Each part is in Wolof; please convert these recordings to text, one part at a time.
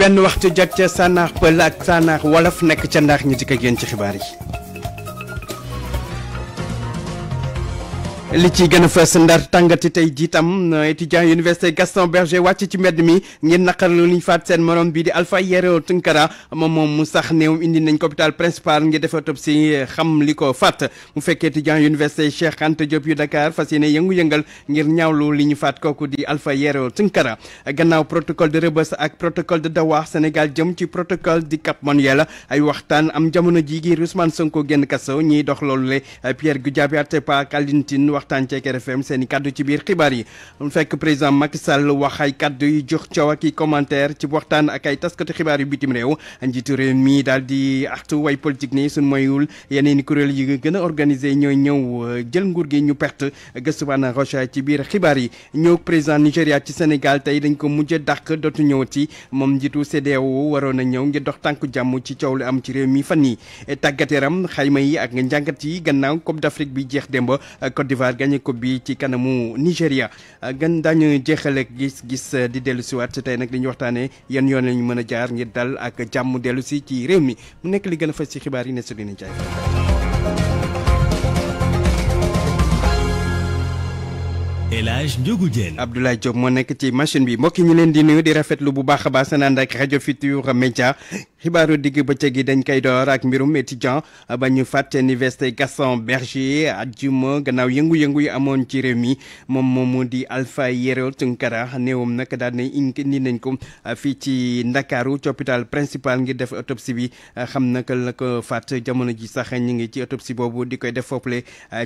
benn waxtu jot ca sànnaax pël ak sànnaax wolof nekk ca ndaax ñi dikk ak yéen ci xibaar yi. li ci gën a fës ndar tàngat ci tey jiitam étudiant université Gaston Berger wàcc ci mbedd mi ngir naqarlu li ñu faat seen morom bii di Alpha Yero Tunkara moom moom mu sax néew indi nañ copital hôpital principal ngir def autopsie xam li ko faat mu fekkee étudiant université Cheikh Anta Diop yu Dakar fas yéene yëngu-yëngal ngir ñaawlu li ñu faat kooku di Alpha Yero Tunkara gannaaw protocole de Rebeuss ak protocole de Dawa Sénégal jëm ci protocole di Cap Manuel ay waxtaan am jamono ji ngir Ousmane Sonko génn kaso ñiy dox loolu le Pierre Goudiaby Atepa Alioune waxtaan ci RFM seen i kaddu ci biir xibaar yi mu fekk président Macky Sall wax ay kaddu yu jox coow ak i commentaire ci waxtaan ak ay taskati xibaar yu bitim réew njiitu réew mi daal di artu way politique ni suñ moyul yeneen kuréel yi gën a organisé ñooy ñëw euh, jël nguur gi ñu perte gëstu waana Rocha ci biir xibaar yi ñëw président Nigéria ci Sénégal tey dañ ko mujj dàq dootu ñëwati moom njiitu CEDEAO waroon a ñëw ngir dox tank jàmm ci coow lu am ci réew mi fan yi tàggat Sénégal gagné bi ci kanamu Nigéria gan daañu jeexale gis-gis di dellu si waat tey nag li waxtaanee yan yoon lañu ñu mën a jaar ngir dal ak jàmm dellu si ci réew mi mu nekk li gën fas ci xibaar yi ne su dina jaay. El Hadj Ndiogou Diène Abdoulaye moo nekk ci machine bi mbokk yi ñu leen di nuyu di rafetlu bu baax a baax seen ànd ak rajo Futurs Médias xibaaru digg bëccëg gi dañ koy door ak mbirum étudiant ba ñu fàtte université Gaston Berger ajjuma gannaaw yëngu-yëngu yu amoon ci réew mi moom moomu di Alpha Yero Tunkara néewam nag daal na indi nañ ko fii ci Ndakaaru ci hôpital principal ngir def autopsie bi xam naka la ko faat jamono ji sax ñu ngi ci autopsie boobu di koy def foofule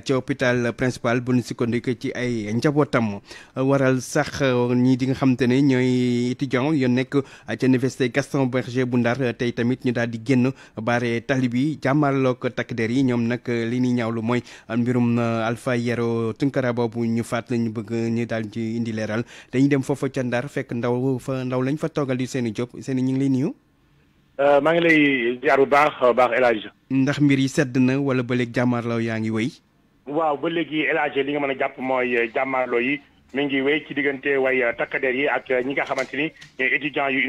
ci hôpital principal bu ñu sukkandiku ci ay njabootam waral sax ñi di nga xam ne ñooy étudiant yu nekk ci université tey tamit ñu daal di génn bare tali bi jàmmarloog takk der yi ñoom nag li ñuy ñaawlu mooy mbirum uh, Alpha Yero Tunkara boobu ñu faat lañu bëgg ñu daal ci indi leeral dañuy dem foofa ca Ndar fekk ndaw fa ndaw lañ fa toogal di seen i job seen ñu ngi lay nuyu. Uh, maa ngi lay jaar bu baax uh, baax El Hadj ndax mbir yi sedd na wala ba léegi jàmmaarloo yaa ngi wéy. waaw ba léegi El li nga mën a jàpp mooy jàmmaarloo yi mi ngi wéy ci diggante way takkadeer yi ak ñi nga xamante ni ñooy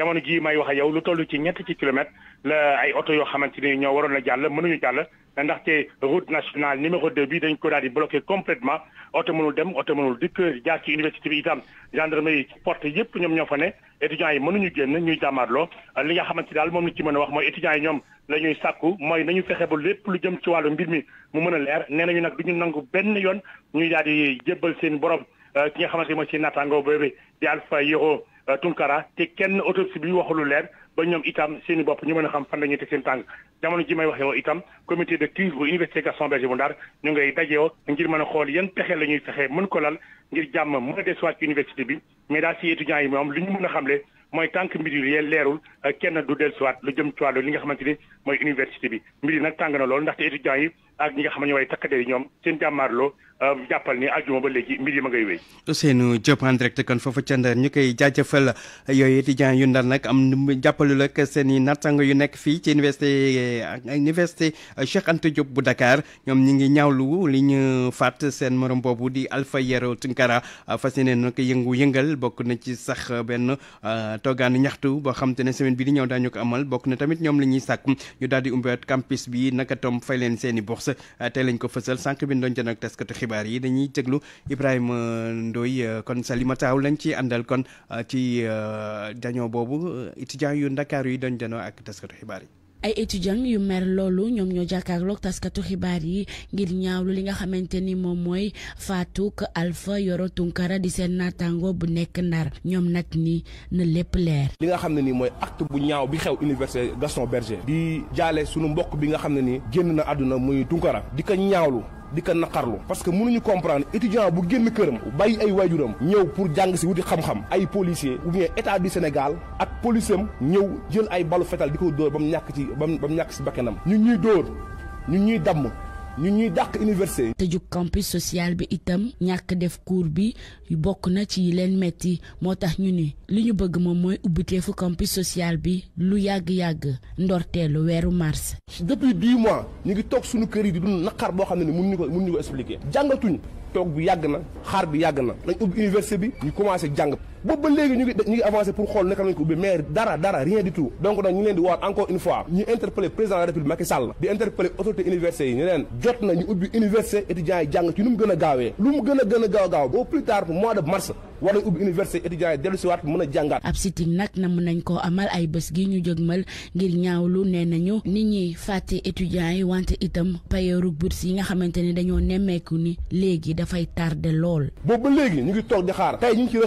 jamono jii may wax ak yow lu tollu ci ñetti ci kilomètres la ay oto yoo xamante ni ñoo waroon a jàll mënuñu jàll ndaxte route nationale numéro 2 bi dañ ko daal di bloqué complètement oto mënul dem oto mënul dikk jaar ci université bi itam gendarmerie ci porte yëpp ñoom ñoo fa ne étudiants yi mënuñu génn ñuy jàmmaarloo li nga xamante daal moom lañ ci mën a wax mooy étudiants yi ñoom la sàkku mooy nañu fexe ba lépp lu jëm ci wàllu mbir mi mu mën leer nee nañu nag du ñu nangu benn yoon ñuy daal di jébbal seen borom euh, ki nga xamante ni mooy seen naataango boobu di Alpha Euh, Tunkara te kenn autopsie bi waxu lu leer ba ñoom itam seen i bopp ñu mën a xam fan la ñuy teg seen tàng jamono ji may waxee woo itam comité de crise bu université Gaston Berger bu Ndar ñu ngay dajewoo ngir mën a xool yan pexe la ñuy fexe mën ko lal ngir jàmm mën a desuwaat ci université bi mais daal si étudiants yi moom li ñu mën a xamle mooy tànk mbir yi leerul euh, kenn du dellusiwaat lu jëm ci wàllu li nga xamante ni mooy université bi mbir yi nag tàng na lool ndaxte ak ñi nga xam ne ñooy takk der yi ñoom seen jàmmaarloo euh, jàppal ni àjjuma ba léegi mbir yi ma ngay wéy. Ousseynou Diop en direct kon foofu ca Ndar ñu koy jaajëfal yooyu étudiants yu Ndar nag am jàppalul ak seen i nattango yu nekk fii ci université euh, université euh, Cheikh Anta Diop bu Dakar ñoom ñu ngi ñaawlu li ñu faat seen morom boobu di Alpha Yero Tunkara fa yéene nag yëngu-yëngal bokk na ci sax benn toogaanu ñaxtu boo xam te ne semaine bi di ñëw daañu ko amal bokk na tamit ñoom la ñuy sàkk ñu daal di umbeet campus bi leen seen i bourse Euh, tey lañ ko fësal sànq bi ñu doon euh, euh, jënd ak taskatu xibaar yi dañuy déglu Ibrahima Ndoye kon Salimata lañ ci àndal kon ci dañoo boobu étudiants yu ndakaar yi doon jëndoo ak taskatu xibaar yi. ay étudiants yu mer loolu ñoom ñoo jàkkaarloog taskatu xibaar yi ngir ñaawlu li nga xamante ni moom mooy faatuk Alpha Yoro Tunkara di seen naataango bu nekk ndar ñoom nag ni na lépp leer. li nga xam ne nii mooy acte bu ñaaw bi xew université Gaston Berger di jaale sunu mbokk bi nga xam ne ni génn na àdduna muy Tunkara di ko ñaawlu. di ko naqarlu parce que mënuñu comprendre étudiant bu génn këram bàyyi ay waajuram ñëw pour jàng si wuti xam-xam ay policier ou bien état du Sénégal ak police am ñëw jël ay balu fetal di ko dóor ba mu ñàkk ci ba mu ñàkk si bakkanam ñun ñuy dóor ñun ñuy damm ñun ñuy dàq université. tëjub campus social bi itam ñàkk def cours bi bokk na ci leen metti moo tax ñu ni li ñu bëgg moom mooy ubbiteefu campus social bi lu yàgg-yàgg ndorteelu weeru mars. depuis dix mois ñu ngi toog suñu kër yi di dund naqar boo xam ne ni mun ñu ko mun ñu ko expliquer jàngatuñ toog bi yàgg na xaar bi yàgg na lañ ubbi université bi ñu commencé jàng. boobu ba léegi ñu ngi ñu ngi avancé pour xool naka lañ ko ubbi mais dara dara rien du tout donc nag ñu leen di waat encore une fois interpellé président de la république Macky Sall di interpellé autorité université yi ñu leen jot na ñu ubbi université étudiants yi jàng ci nu mu gën a gaawee lu mu gën a gën a gaaw gaaw au plus tard mois de mars war nañ ubbi université étudiants yi dellu si waat mën a jàngaat ab sit-in nag na nañ koo amal ay bés gi ñu jëgmal ngir ñaawlu nee nañu nit yi nga xamante ni léegi dafay tardé lool boobu ba léegi ñu ngi toog di xaar tey ñu ngi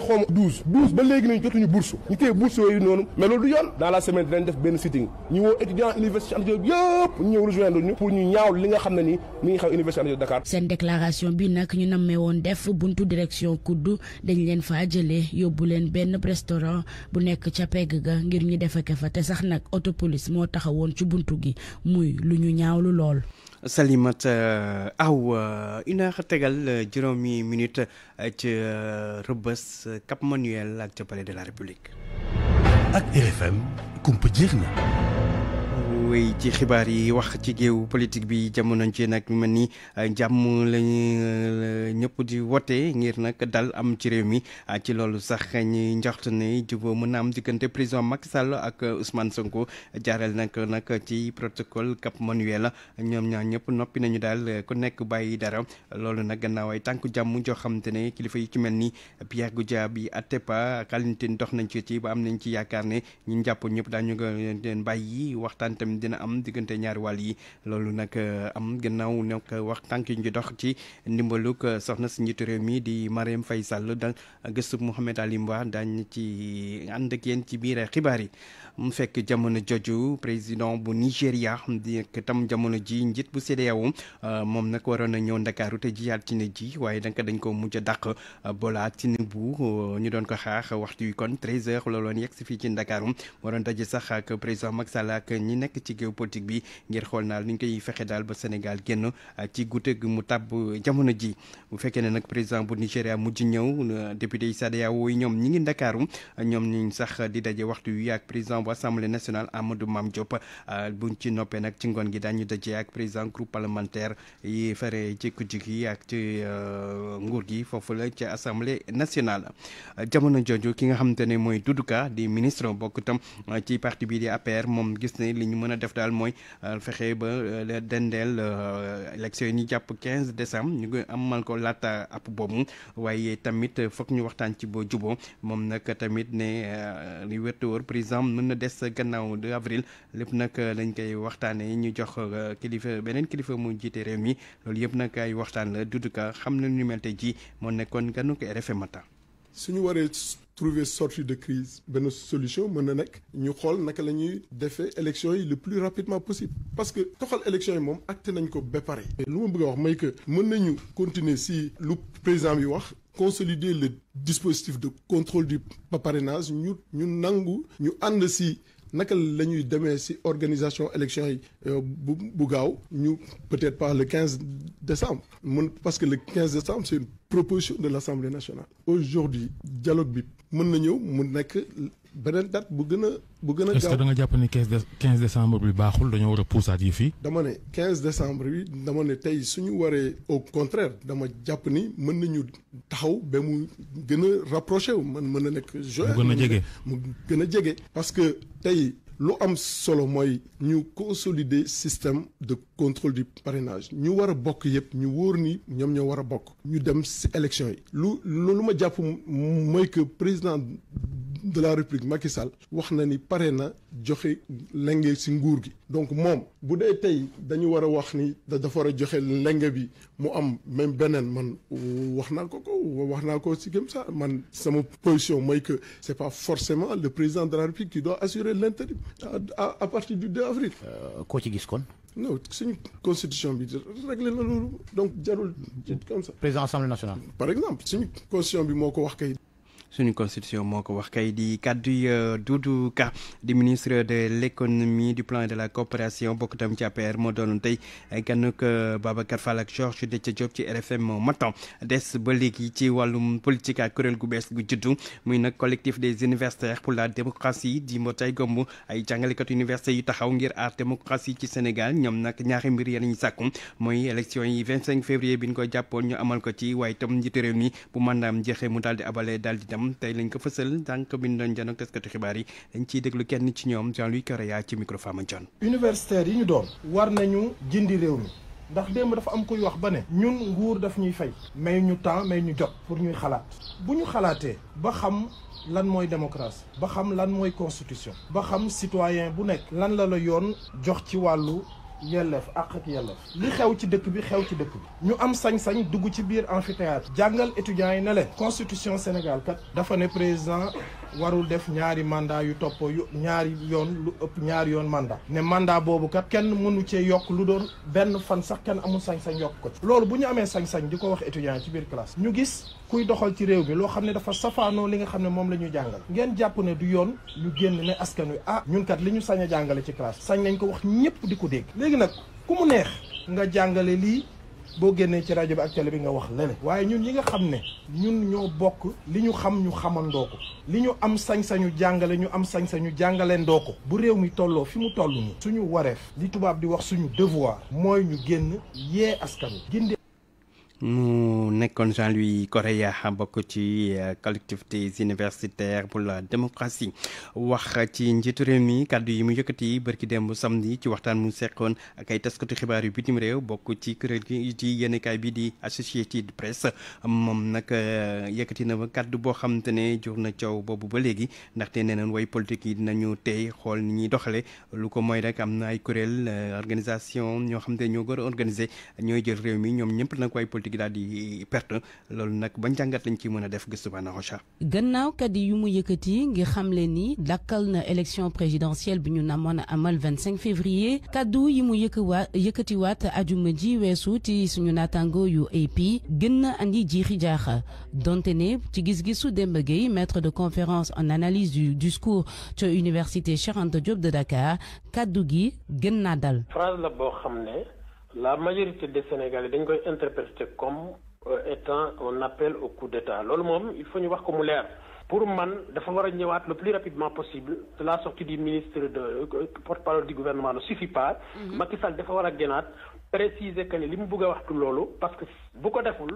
ci bourse ba léegi nañ jotuñu bourse ñu téye bourse yooyu noonu mais loolu du yoon dans la semaine dinañ def benn sitting ñu woo étudiant université Anta Diop yëpp ñu ñëw ñu pour ñu ñaaw li nga xam ne ni mi ngi xew université Anta Diop Dakar seen déclaration bi nag ñu nammee woon def buntu direction kudd dañ leen faa jëlee yóbbu leen benn restaurant bu nekk ca pegg ga ngir ñu defeke fa te sax nag autopolis moo taxawoon ci buntu gi muy lu ñu ñaawlu lool Salimata euh, aw euh, une heure tegal euh, juróomi minute ci Rebeuss Cap Manuel ak ca Palais de la République. ak RFM kumpa jeex na. wéy ci xibaar yi wax ci géew politique bi jamono ci nag mel ni jàmm lañu euh, ñëpp di wote ngir nag dal am ci réew mi ah, ci loolu sax ñi njoxtu ne jubóo mën na am diggante président Macky Sall ak Ousmane Sonko jaareel nag nag ci protocole Cap Manuel ñoom ñaar ñëpp noppi nañu daal ku nekk bàyyi dara loolu nag gannaaw ay tànku jàmm joo xamante ne kilifa yi ci mel ni Pierre Goudiaby Atepa ak Alioune Tine dox nañ ci ba am nañ ci yaakaar ne ñun jàpp ñëpp daañu ko leen bàyyi waxtaan tamit dina am diggante ñaar wàll yi loolu nag euh, am gannaaw nag wax tànk ñu dox ci ndimbaluk euh, soxna si njiitu réew mi di Marième fay Sall da gëstu Mouhamed Ali Mba daañ ci ànd ak yéen ci biir xibaar yi mu fekk jamono joju président bu Nigéria di tam jamono ji njiit bu CEDEAO euh, moom nag waroon na ñëw Ndakaaru te ji altine ji waaye nag dañ ko mujj a dàq euh, Bola Tinubu euh, ñu doon ko xaar waxtu wi kon 13h la si fii ci Ndakaaru waroon daje sax ak président Macky Sall ñi nekk ci géopolitique bi ngir xool naa li ñu koy fexe daal ba Sénégal génn ci guute mu tàbb jamono ji bu fekkee ne nag président bu Nigéria mujj ñëw député yi CEDEAO yi ñoom ñi ngi Ndakaaru ñoom ñu sax di daje waxtu yu ak président. bu assemblée nationale Amadou Mame Diop euh, buñ ci noppee nag ci ngoon gi daañu dajee ak président groupe parlementaire yi fare ci kujj gi ak ci euh, nguur gi foofu la ci assemblée national jamono jooju ki nga xamante ne mooy Doudou Ka di ministre bokk tam euh, ci parti bii di APR moom gis ne li ñu mën a def daal mooy fexe ba dendeel élection yi ñu jàpp 15 décembre ñu ngi amal ko laata ab boobu waaye tamit foog ñu waxtaan ci boo juboo moom nag tamit ne li wér te wóor a des gannaaw 2 avril lépp nag euh, lañ koy waxtaanee ñu jox euh, kilifa beneen kilifa mu jiite réew mi loolu yëpp nag ay waxtaan la duduka xam na nu mel ji moo nekkoon gannu ko RFM matin su ñu waree trouver sortie de crise benn solution mën na nekk ñu xool naka la ñuy defee élection yi le plus rapidement possible parce que toxal élection yi moom acté nañ ko ba pare. lu ma bëgg a wax may que mën nañu continuer si lu président bi wax consolider le dispositif de contrôle du parrainage ñu ñu nangu ñu ànd si naka la ñuy demee si organisation élection yi euh, bu bu gaaw ñu peut-être pas le 15 décembre mun parce que le 15 décembre c'est une proposition de l'Assemblée nationale aujourd'hui dialogue bi mën na ñëw mu nekk beneen date bu gën a bu gën a. gaaw da nga jàpp ni quinze quinze décembre bi baaxul dañoo war a puusaat yi fii. dama ne quinze décembre bi dama ne tey suñu waree au contraire dama jàpp ni mën nañu taxaw ba mu gën a rapproché wu man mën na nekk. mu gën jege mu gën a jege. parce que tey lu am solo mooy ñu consolider système de contrôle du parrainage ñu war a bokk yëpp ñu wóor ni ñoom ñoo war a bokk. ñu dem ci élection yi. lu loolu ma jàpp mooy que président. de la république Macky Sall wax na ni pare na joxe lenge si nguur gi donc moom bu dee tey dañu war a wax ni dafa war a joxe lenge bi mu am même beneen man wax naa ko ko wax naa ko si comme sax man sama position mooy que c'est pas forcément le président de la république qui doit assurer l'intérim à à partir du 2 avril. Euh, koo ci gis kon. non suñu constitution bi réglé na loolu donc jarul mmh. comme ça. président assemblée nationale. par exemple suñu constitution bi moo ko wax kay. suñu constitution moo ko wax kay di kàddu euh, Doudou Ka di ministre de l' économie du plan de la coopération bokk tam ci APR moo doon tey gànnug euh, Babacar Fall ak Georges Dethié Diop ci RFM Matin des ba léegi ci wàllum politique ak kuréel gu bees gu juddu muy nag collectif des universitaires pour la démocratie di mbootaay gomb ay jàngalekat université yu taxaw ngir aar démocratie ci Sénégal ñoom nag ñaari mbir yéen ñu sàkku mooy élection yi 25 février bi ñu ko jàppoon ñu amal ko ci waaye itam njiitu mu daal di abale daal di ñoom tey lañ ko fësal dànk bi doon janoog taskatu xibaar yi dañ ciy déglu kenn ci ñoom Jean-Louis Correa ci micro Fama John universitaires yi ñu doon war nañu jindi réew mi ndax démb dafa am koy wax ba ne ñun nguur daf ñuy fay may ñu temps may ñu jot pour ñuy xalaat bu ñu xalaatee ba xam lan mooy démocratie ba xam lan mooy constitution ba xam citoyen bu nekk lan la la yoon jox ci wàllu yelleef àq ak yelleef li xew ci dëkk bi xew ci dëkk bi ñu am sañ-sañ dugg ci biir amphithéâtre jàngal étudiants yi ne leen constitution Sénégal kat dafa ne président warul def ñaari màndaa yu toppoo yu ñaari yoon lu ëpp ñaari yoon mandat ne mandat boobu kat kenn mënu cee yokk lu doon benn fan sax kenn amul sañ-sañ yokk ko ci loolu bu ñu amee sañ-sañ di ko wax étudiants yi ci biir classe ñu gis kuy doxal ci réew mi loo xam ne dafa safaanoo li nga xam ne moom la ñu jàngal ngeen jàpp ne du yoon ñu génn ne askan wi ah ñun kat li ñu sañ a jàngale ci classe sañ nañ ko wax ñëpp di ko dégg léegi nag ku mu neex nga jàngale lii boo génnee ci rajo bi ak télé bi nga wax lene waaye ñun ñi nga xam ne ñun ñoo bokk li ñu xam ñu xamandoo ko li ñu am sañ-sañu jàngale ñu am sañ-sañu jàngalandoo ko bu réew mi tolloo fi mu toll nii suñu wareef li tubaab di wax suñu devoir mooy ñu génn askan mu nekkoon Jean-Louis Correa bokk ci euh, collectivités universitaires pour la démocratie wax ci njiitu réew mi kàddu yi mu yëkkati bërki démb samedi ci waxtaan mu seqoon ak ay taskatu xibaar yu bitim réew bokk ci kuréel gi ci yéenekaay bi di Associated Press moom nag euh, yëkkati na ba kàddu boo xamante ne jur na coow boobu ba léegi ndaxte nee nañ way politique yi dinañu tey xool ni ñuy doxale lu ko moy rek am na ay kuréel euh, organisation ñoo xam te ñoo gën a ñooy jël réew mi ñoom ñëpp nag way politique gi daal di perte loolu nag ba njàngat lañu ci mën a def gëstu bana rocha gannaaw kàddu yu mu yëkkati ngir xamle ni dakkal na élection présidentielle bi ñu namoon a amal 25 février kàddu yi mu yëkkëwaa yëkkatiwaat ajuma ji weesu ci suñu naataango yu AP gën na andi jiixi jaaxa donte ne ci gis-gisu Demba Gueye maître de conférence en analyse du discours ca université Cheikh Anta de Dakar kàddu gi gën naa dal la majorité des Sénégalais dañ koy interpréter comme euh, étant un appel au coup d'état loolu moom il faut ñu wax ko mu leer pour man dafa war a ñëwaat le plus rapidement possible la sortie du ministre de euh, porte-parole du gouvernement ne suffit pas mhm. Macky Sall dafa war a génnaat préciser que ne li mu bugg a waxtu loolu parce que bu ko deful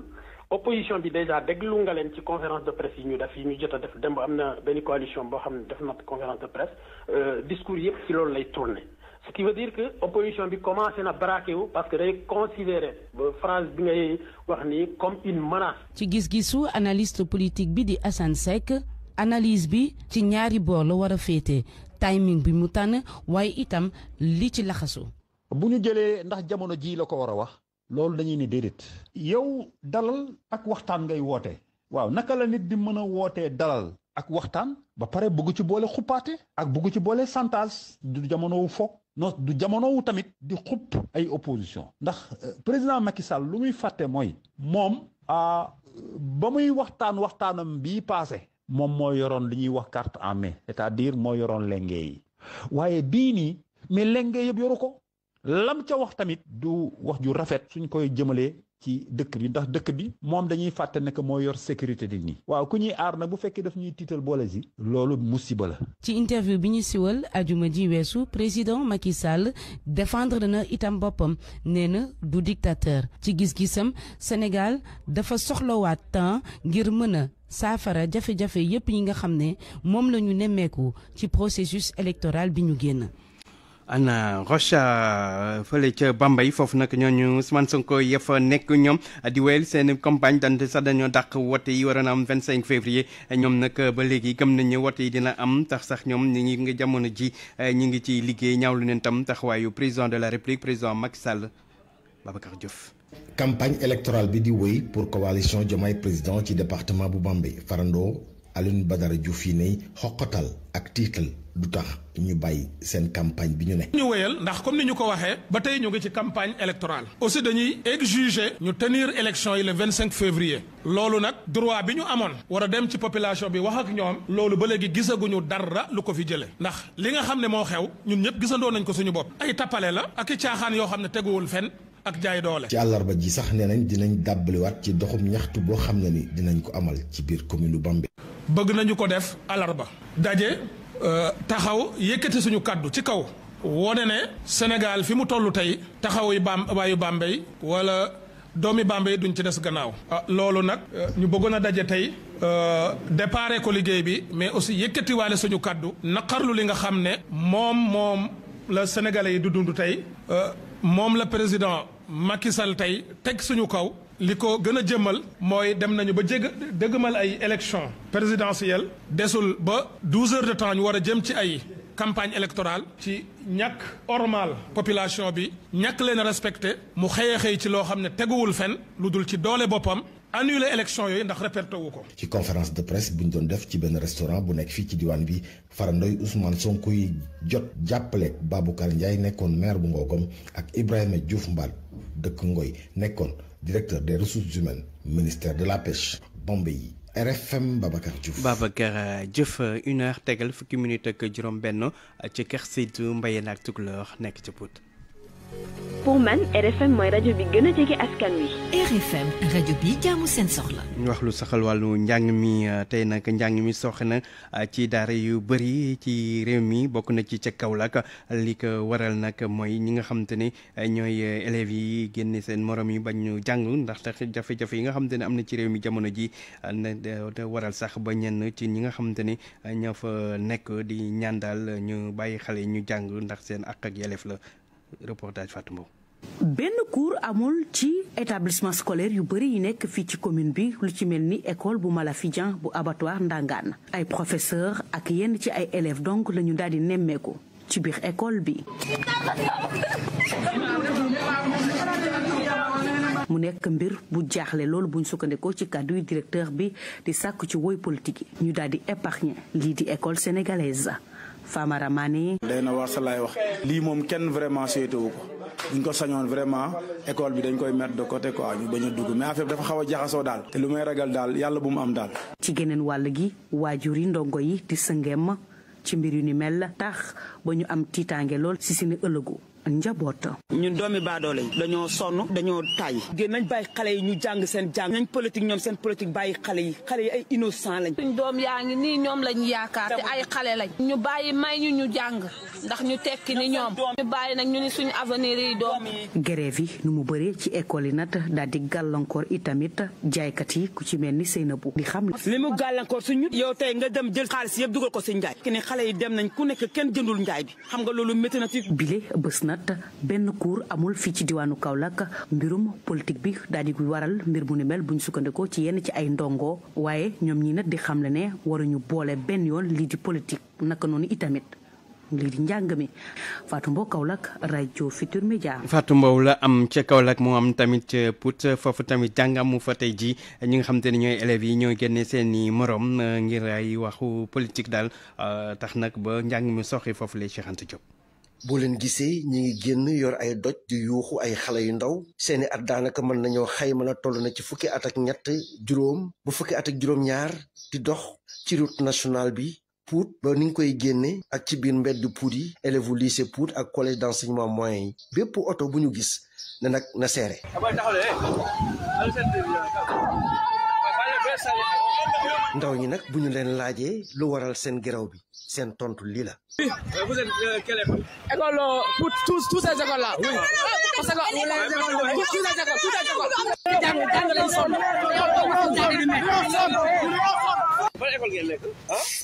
opposition bi déjà déglu nga leen ci conférence de presse yi ñu def yi ñu jot a def dem am na benn coalition boo xam ne def na conférence de presse euh, yëpp ci loolu lay tourner ce qui veut dire que opposition bi commencé na braqué wu parce que day considéré ba France bi ngay wax nii comme une menace. ci gis-gisu analyste politique bi di Assane Seck analyse bi ci ñaari boor la war a féete timing bi mu tànn waaye itam li ci laxasu. bu ñu jëlee ndax jamono jii la ko war a wax. loolu dañuy ni déedéet. yow dalal ak waxtaan ngay woote. waaw naka la nit di mën a wootee dalal. ak waxtaan ba pare bëgg ci boole xuppaate. ak bëgg ci boole chantage du jamono non du jamonowu tamit di xut ay opposition ndax euh, président Macky Sall lu muy fàtte mooy moom ba muy waxtaan waxtaanam bii passé moom mooy yoroon li ñuy wax carte en main cest à moo yoroon lenge yi waaye bii nii mais lenge yëpp yoru ko lam ca wax tamit du wax ju rafet suñ koy jëmalee ci dëkk bi ndax dëkk bi moom dañuy fàtte ne que moo yor sécurité nit ñi waaw ku ñuy aar na bu fekkee daf ñuy tiital boole si loolu musiba la ci interview bi ñu siwal ajuma ji weesu président Macky Sall défendre na itam boppam nee na du dictateur ci gis-gisam Sénégal dafa soxlawaat temps ngir mën a saafara jafe-jafe yépp yi nga xam ne moom la ñu nemmeeku ci processus électoral bi ñu génn ana Rocha fële ca Bambey foofu nag ñooñu Ousmane Sonko ya fa nekk ñoom di wéyal seen campagne dante sax dañoo dàq wote yi waroon na am 25 février ñoom nag ba léegi gëm nañu ne wote yi dina am tax sax ñoom ñi ngi nga jamono ji ñi ngi ci liggéey ñaawlu neen tam taxawaayu président de la république président Macky Sall Babacar Diouf. campagne électorale bi di wéy pour coalition Diomaye président ci département bu Bambey farandoo. Alioune Badara Diouf yi ne xoqatal ak tiital du tax ñu bàyyi seen campagne bi ñu ne. ñu wéyal ndax comme ni ñu ko waxee ba tey ñu ngi ci campagne électorale. aussi dañuy exiger. ñu tenir élection yi le vingt cinq février. loolu nag droit bi ñu amoon. war a dem ci population bi wax ak ñoom. loolu ba léegi gisaguñu dara lu ko fi jëlee. ndax li nga xam ne moo xew ñun ñëpp gisandoo nañ ko suñu bopp. ay tappale la ak i caaxaan yoo xam ne teguwul fenn. ak jaay doole. ci àllarba ji sax nee nañ dinañ dàbbaliwaat ci doxum ñaxtu boo xam ne ni dinañ ko amal ci biir commune Bambey. bëgg nañu ko def alarba daje euh, taxaw yëkkati suñu kàddu ci kaw wone ne Sénégal fi mu toll tey taxaw yi baam waayu Bambey wala doomi Bambey duñ ci des gannaaw ah, loolu nag euh, ñu bëggoon a daje tey euh, déparé ko liggéey bi mais aussi yëkkatiwaale suñu kàddu naqarlu li nga xam ne moom moom la Sénégalais yi du dund tey moom la président Macky Sall tey teg suñu kaw li ko gën a jëmmal mooy dem nañu ba jég dëggmal ay élection présidentielle desul ba douze heures de temps war a jëm ci ay campagne électorale ci ñàkk ormal population bi ñàkk leen respecté mu xëyee xëy ci loo xam ne teguwul fen lu dul ci doole boppam annuler élection yooyu ndax réperté wu ko. ci conférence de presse bu ñu doon def ci benn restaurant bu nekk fii ci diwaan bi farandoy Ousmane Sonko yi jot jàppale Babacar Ndiaye nekkoon maire bu Ngogom ak Ibrahima Diouf Mbal dëkk Ngoy nekkoon. directeur des ressources humaines ministère de la pêche Bambey RFM Babacar jëf Babacar Diouf euh, euh, une heure tegal fukki minute ak juróom-benn euh, ci kersitu Mbayeen ak Tukulóor nekk ci Pout. pour man RFM rajo bi gën seen soxla. wax lu saxal wàllu njàng mi euh, tey nag njàng mi soxe na euh, ci daara yu bëri ci réew mi bokk na ci ca Kaolack li ko waral nag mooy ñi nga xamante ni euh, ñooy élèves yi génne seen moroom yi bañ ñu jàng ndax tax jafe-jafe yi nga xamante ni am na ci réew mi jamono ji na waral sax ba ñenn ci ñi nga xamante ni ñoo fa nekk di ñaan daal ñu bàyyi xale ñu jàng ndax seen àq ak yelleef la reportage Fatou Mbow benn cours amul ci établissement scolaire yu bari yi nekk fii ci commune bi lu ci mel ni école bu mala Malafidian bu abattoir Ndangaan ay professeur ak yenn ci ay élèves donc lañu ñu daal di nemmeeku ci biir école bi mu nekk mbir bu jaaxle loolu buñ sukkandiku ci kàddu yu directeur bi di sàkk ci woy politique ñu daal di épargner lii di école sénégalaise Famara Mané. day na war sa laay wax lii moom kenn vraiment seetoo ko. buñ ko sañoon vraiment école bi dañ koy mettre de côté quoi ñu bañ a dugg mais affaire dafa xaw a jaxasoo daal te lu may ragal daal yàlla bu mu am daal. ci geneen wàll gi waajur yi ndongo yi di sëngeem ci mbir yu ni mel tax ba ñu am tiitaange lool si seen ëllëgu. njaboot. ñun doomi baadoole yi dañoo sonn dañoo tàyyi gën nañ bàyyi xale yi ñu jàng seen jàng nañ politique ñoom seen politique bàyyi xale yi yi ay innocent lañ suñ doom yaa ngi nii ñoom lañ yaakaar te ay xale lañ ñu bàyyi may ñu ñu jàng ndax ñu tekki ni ñoom ñu bàyyi nag ñu ni suñu avenir yi doom yi grève yi nu mu bëree ci école yi nag daal di gàllankoor itamit jaaykat yi ku ci mel ni Seynabou di xam li mu gàllankoor suñu yow tey nga dem jël xaalis yëpp dugal ko si njaay ki ne xale yi dem nañ ku nekk kenn jëndul njaay bi xam nga loolu métti na ci bile bës na mat benn cour amul fii ci diwaanu Kaolack mbirum politique bi daal waral mbir mu ni mel bu ñu sukkandikoo ci yenn ci ay ndongo waaye ñoom ñi nag di xamle ne waruñu boole benn yoon lii di politique naka noonu itamit lii njàng mi Fatou Mbow Kaolack rajo Futur Media. Mbow la am ca Kaolack moo am tamit ca Pout foofu tamit jàng amu fa tey jii ñi nga xam te ne ñooy élèves yi ñoo génne seen i morom ngir ay waxu politique daal tax nag ba njàng mi soxi foofu lay Cheikh Anta boo leen gisee ñi ngi génn yor ay doj di yuuxu ay xale yu ndaw seeni at daanaka mën nañoo xayma na toll na ci fukki at ak ñett juróom bu fukki at ak juróom-ñaar di dox ci route nationale bi Pout ba ni ñu koy génnee ak ci biir mbedd Pout yi élèves lycée Pout ak collège d'enseignement moyen yi bépp oto bu ñu gis ne nag na seere ndaw ñi nag bu ñu leen laajee lu waral seen grève bi seen tontu liila la. oui vous êtes quelle école. école pour tous tous ban école ngeen nekk ah. parce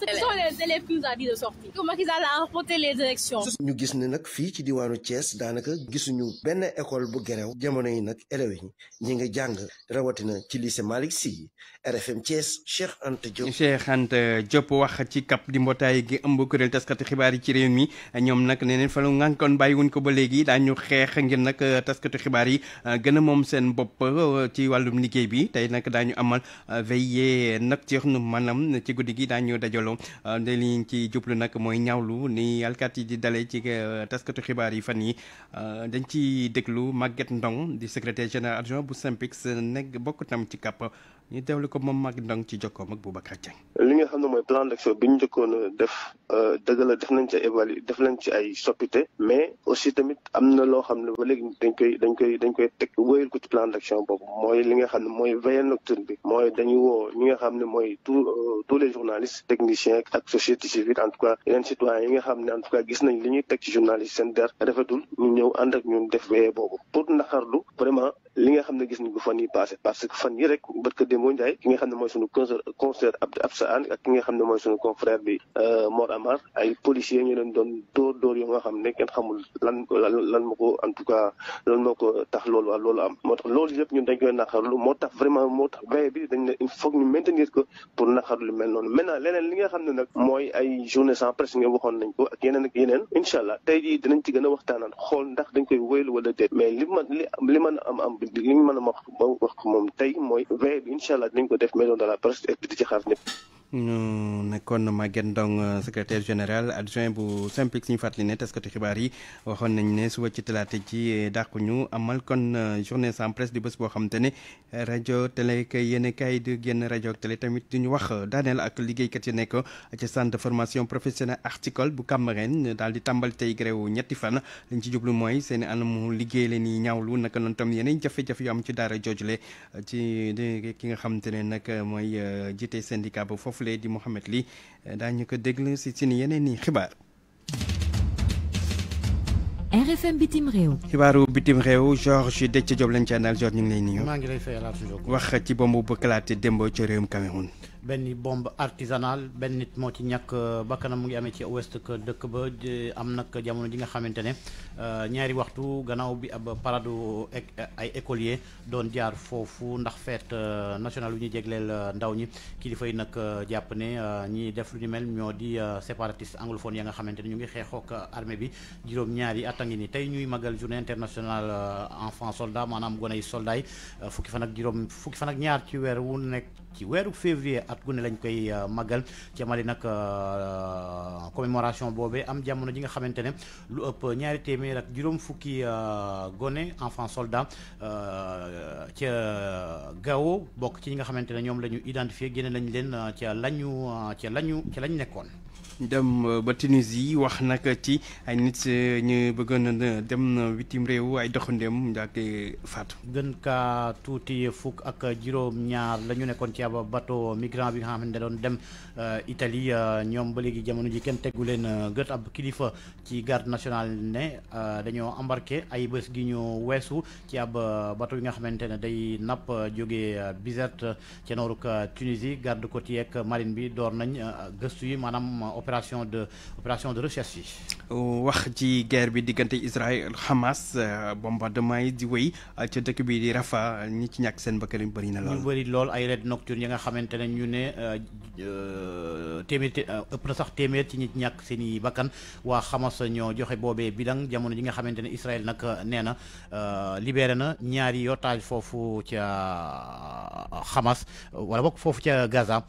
que ce les élèves plus habiles de sortie. que Macky Sall a remporté les élections. ñu gis ni nag fii ci diwaanu cees daanaka gisuñu benn école bu gerew jamono yi nag élèves yi ñi nga jàng rawatina ci lycée Malick Sy RFM Thiès Cheikh Anta Diop. Cheikh Anta wax ci kap di mbootaay gi ëmb kuréel taskati xibaar yi ci réew mi ñoom nag nee nañ fa lu ngànkoon bàyyiwuñ ko ba léegi daañu xeex ngir nag taskatu xibaar yi gën moom seen bopp liggéey bi tey nag daañu amal euh, veillée nocturne maanaam ci guddi gi daañu dajaloo euh, li ñu ci jublu nag mooy ñaawlu ni alkaat yi di dale ci euh, taskatu xibaar yi fan yi dañ ci déglu Maguette Ndong di secrétaire général adjoint bu SYNPICS nekk bokk tam ci CAP ñu teewlu ko moom Mag Ndong ci jokkoom ak Boubacar Dieng. li nga xam ne mooy plan d'action bi ñu njëkkoon a def euh, dëgg la def nañ ci évalué def nañ ci ay soppite mais aussi tamit am na loo xam ne ba léegi dañ koy dañ koy dañ koy teg wéyal ko ci plan d'action boobu mooy li nga xam ne mooy veille nocturne bi mooy dañu woo ñi nga xam ne mooy tous euh, tous les journalistes techniciens ak société civile en tout cas yeneen citoyens yi nga xam ne en tout cas gis nañ li ñuy teg ci journalistes seen der rafetul ñu ñëw ak ñun def veille boobu pour naxarlu vraiment li nga xam ne gis nañ ko fan yi passé parce que fan yi rek bët ko démoo Ndiaye ki xam ne mooy suñu conser conseiller Abdou Absa Anne ne mooy suñu confrère bi euh, Mor Amar ay policiers ñu leen doon dóor xam ne kenn xamul lan lan ko en tout cas lan moo tax lool loolu am moo tax loolu yëpp ñun dañ koy naqarlu moo tax vraiment moo tax veille bi dañ ne il faut ñu maintenir ko pour naqarlu mel noonu maintenant leneen li nga xam ne nag mooy ay journée sans presse nga waxoon nañ ko ak yeneen ak a waxtaanaan xool ndax a am am li ñu mën a wax moom tey mooy veille bi incha allah dinañ ko def maison de la presse et di ci xaar ñëpp ñu nekkoon Maguette Ndong euh, secrétaire général adjoint bu Simpix ñu fàttali ne taskati xibaar yi waxoon nañ ne suba ci talaata ji euh, dàqu ñu amal kon euh, journée sans presse di bés boo xam te ne rajo télé kay yéen kaay di génn rajo ak tamit di ñu wax daaneel ak liggéeykat yi nekk ci de formation professionnelle horticole bu Cambérène daal di tàmbali tey gréew ñetti fan liñ ci jublu mooy seen anamu liggéey leen yi naka noonu tam yeneen jafe-jafe yu kookulee di Mouhamed Ly daañu ko déglu si suñu yeneen i xibaar. RFM bitim réew. xibaaru bitim réew Georges Déthié Diop lañ ci àndal Georges ñu ngi lay nuyu. maa ngi wax ci bombu bu kalaate démb ci réewum Cameroun. benn bombe artisanale benn nit moo ci ñàkk euh, bakkanam mu ngi amee ci ouest que dëkk ba am nak jamono ji nga xamante ne euh, ñaari waxtu gannaaw bi ab paradu ay écoliers doon jaar foofu ndax fête euh, national yu ñu jegleel ndaw ñi kilifa yi nag jàpp ne ñi def lu ñu mel ñoo di séparatiste anglophone ya nga xamante ne ñu ngi xeexook armée bi juróom ñaari at a ngi ni tey ñuy magal journée internationale enfant soldat maanaam gone yi soldat yi fukki fan ak juróom fukki fan ak ñaar weer wu nekk ci weeru février at gu ne lañ koy euh, màggal ci amali nag euh, euh, commémoration boobee am jamono ji nga xamante ne lu ëpp ñaari téeméer ak juróom fukki gone enfant soldat ca Gao bokk ci ñi nga xamante ne ñoom la ñu identifié génne nañ leen ca lañu ca lañu ca lañ nekkoon dem euh, ba Tunisie wax nag ci ay nit euh, ñu bëggoon a dem bitim réew ay doxandéem ndaak faatu gën kaa tuuti fukk ak juróom-ñaar la ñu nekkoon ci ab bateau migrant bi nga xam ne da doon dem euh, ñoom ba léegi jamono ji tegu leen gët kilifa ci garde nationale ne dañoo embarqué ay bés gi ñu weesu ci ab bateau nga xamante ne day napp jóge Bizerte ca nooruk Tunisie garde côtier ak marine bi door nañ gëstu yi maanaam opération de opération de recherche yi. wax ci guerre bi diggante Israël Hamas euh, bombardement yi di wéy euh, ca dëkk bi di Rafa ñi ci ñàkk seen bakkan yu bëri na lool. ñu bëri lool ay raid nocturne yi nga xamante ne ñu ne euh, téeméer ëpp na sax téeméer ci ñi ñàkk seen i bakkan waa Hamas ñoo joxe boobee bilan jamono ji nga xamante ne Israël nag nee na libéré na ñaari otage foofu ca Hamas wala bokk foofu ca Gaza.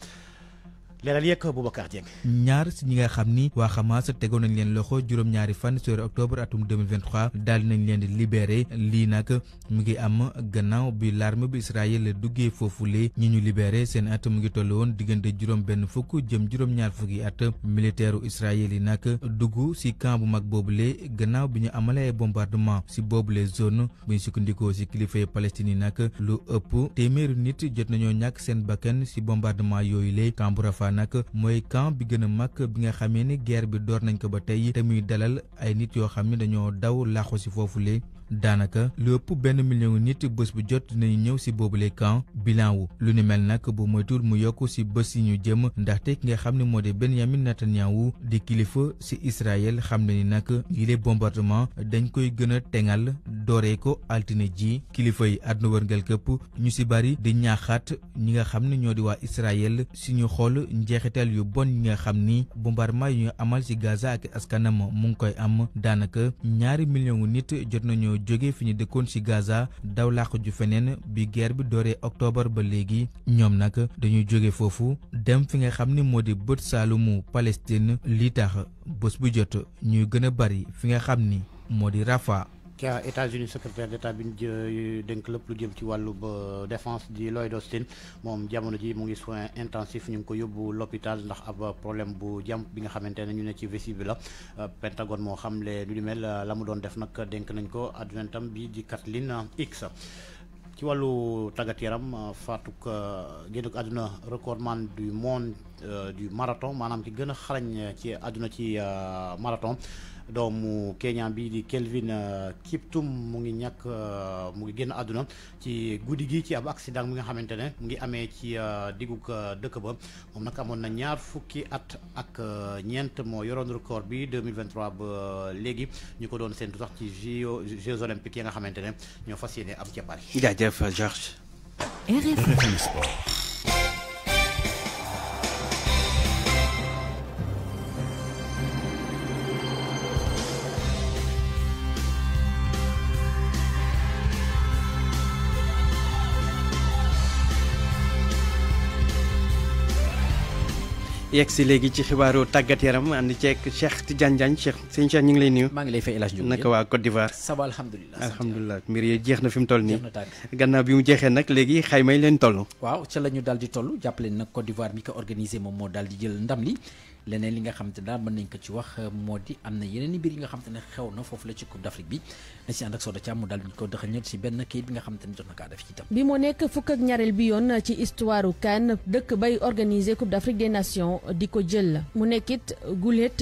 leeral yeeg Boubacar Dieng ñaar si ñi nga xam ni waa sa tegoon nañ leen loxo juróom-ñaari fan si weeru octobre atum 2023 daal leen di libéré lii nag mu ngi am gannaaw bi l'armée bu Israël duggee foofule ñi ñu libéré seen at mu ngi toll woon diggante juróom benn fukk jëm juróom-ñaar fukki at militaire Israël yi nag dugg si camp bu mag boobule gannaaw bi ñu amalee bombardement si lee zone bu ñu sukkandikoo si kilifay Palestine yi nag lu ëpp téeméeri nit jot nañoo ñàkk seen bakkan si bombardement yooyu le camp Moustapha nag mooy kan bi gën a mag bi nga xamee ni guerre bi door nañ ko ba tey te muy dalal ay nit yoo xam ne dañoo daw làqu ci foofule daanaka lu ëpp benn million nit bés bu jot dinañu ñëw ci boobu camp bilan wu lu ni mel nag bu moytuwul mu yokk ci bés yi ñu jëm ndaxte ki nga xam ne moo di Benyamin Netanyahu di kilifa ci Israël xam ne ni nag yile bombardement dañ koy gën a teŋal dooree ko altine ji kilifa yi àdduna wërngal këpp ñu ci bari di ñaaxaat ñi nga xam ne ñoo di waa Israël njeexital yu bon yi nga xam ni bombardement yu ñu amal ci Gaza ak askanam mu ngi koy am daanaka ñaari million nit jot nañoo jóge fi ñu dëkkoon ci Gaza daw ju feneen bi guerre bi dooree octobre ba léegi ñoom nag dañuy jóge foofu dem fi nga xam ni moo di bët saalumu Palestine lii tax bés bu jot ñuy gën a bari fi nga xam ni moo di Rafa ca États-Unis secrétaire d'État bi ñu dénk lëpp lu jëm ci wàllu ba défense di Lloyd Austin moom jamono ji mu ngi soin intensif ñu ngi ko yóbbu l'hôpital ndax ab problème bu jàmm bi nga xamante ne ñu ne ci vessie bi la euh, Pentagone moo xam le lu di mel euh, la mu doon def nag dénk nañ ko adjointam bi di Kathleen Hicks ci wàllu tàggat yaram euh, faatuk génnuk àdduna recordman du monde du maraton maanaam ki gën a xarañ ci àdduna ci marathon doomu Kenya bi di Kelvin euh, Kiptum mu ngi ñàkk euh, mu ngi génn àdduna ci guddi gi ci ab accident bi nga xamante ne mu ngi amee ci euh, diggu dëkk ba moom nag amoon na ñaar fukki at ak ñeent moo yoroon record bi 2023 ba léegi ñu ko doon seentu sax ci JO Jeux olympiques yi nga xamante ne ñoo fas yéene am ca Paris. jaajëf yegg si léegi ci xibaaru tàggat yaram ànd ceeg Cheikh Tidiane Diagne Cheikh sëñ Cheikh ñu ngi lay nuyu. maa ngi lay fay El Hadj Diouf naka waa Côte d'Ivoire. ça va alhamdulilah mbir yi jeex na fi mu toll nii. gannaaw bi mu jeexee nag léegi xayma yi leen toll. waaw ca la ñu daal di toll jàppale nag Côte d'Ivoire mi ko organisé moom moo daal di jël ndam li leneen li nga xam te daal ko ci wax euh, moo di am na yeneen i mbir yi xam ne xew na foofu la ci Coupe d'Afrique bi dañ si ànd ak di ko jël la mu benn kayit bi nga xam te ne nekk fukk ak ñaareel bi yoon ci histoire CAN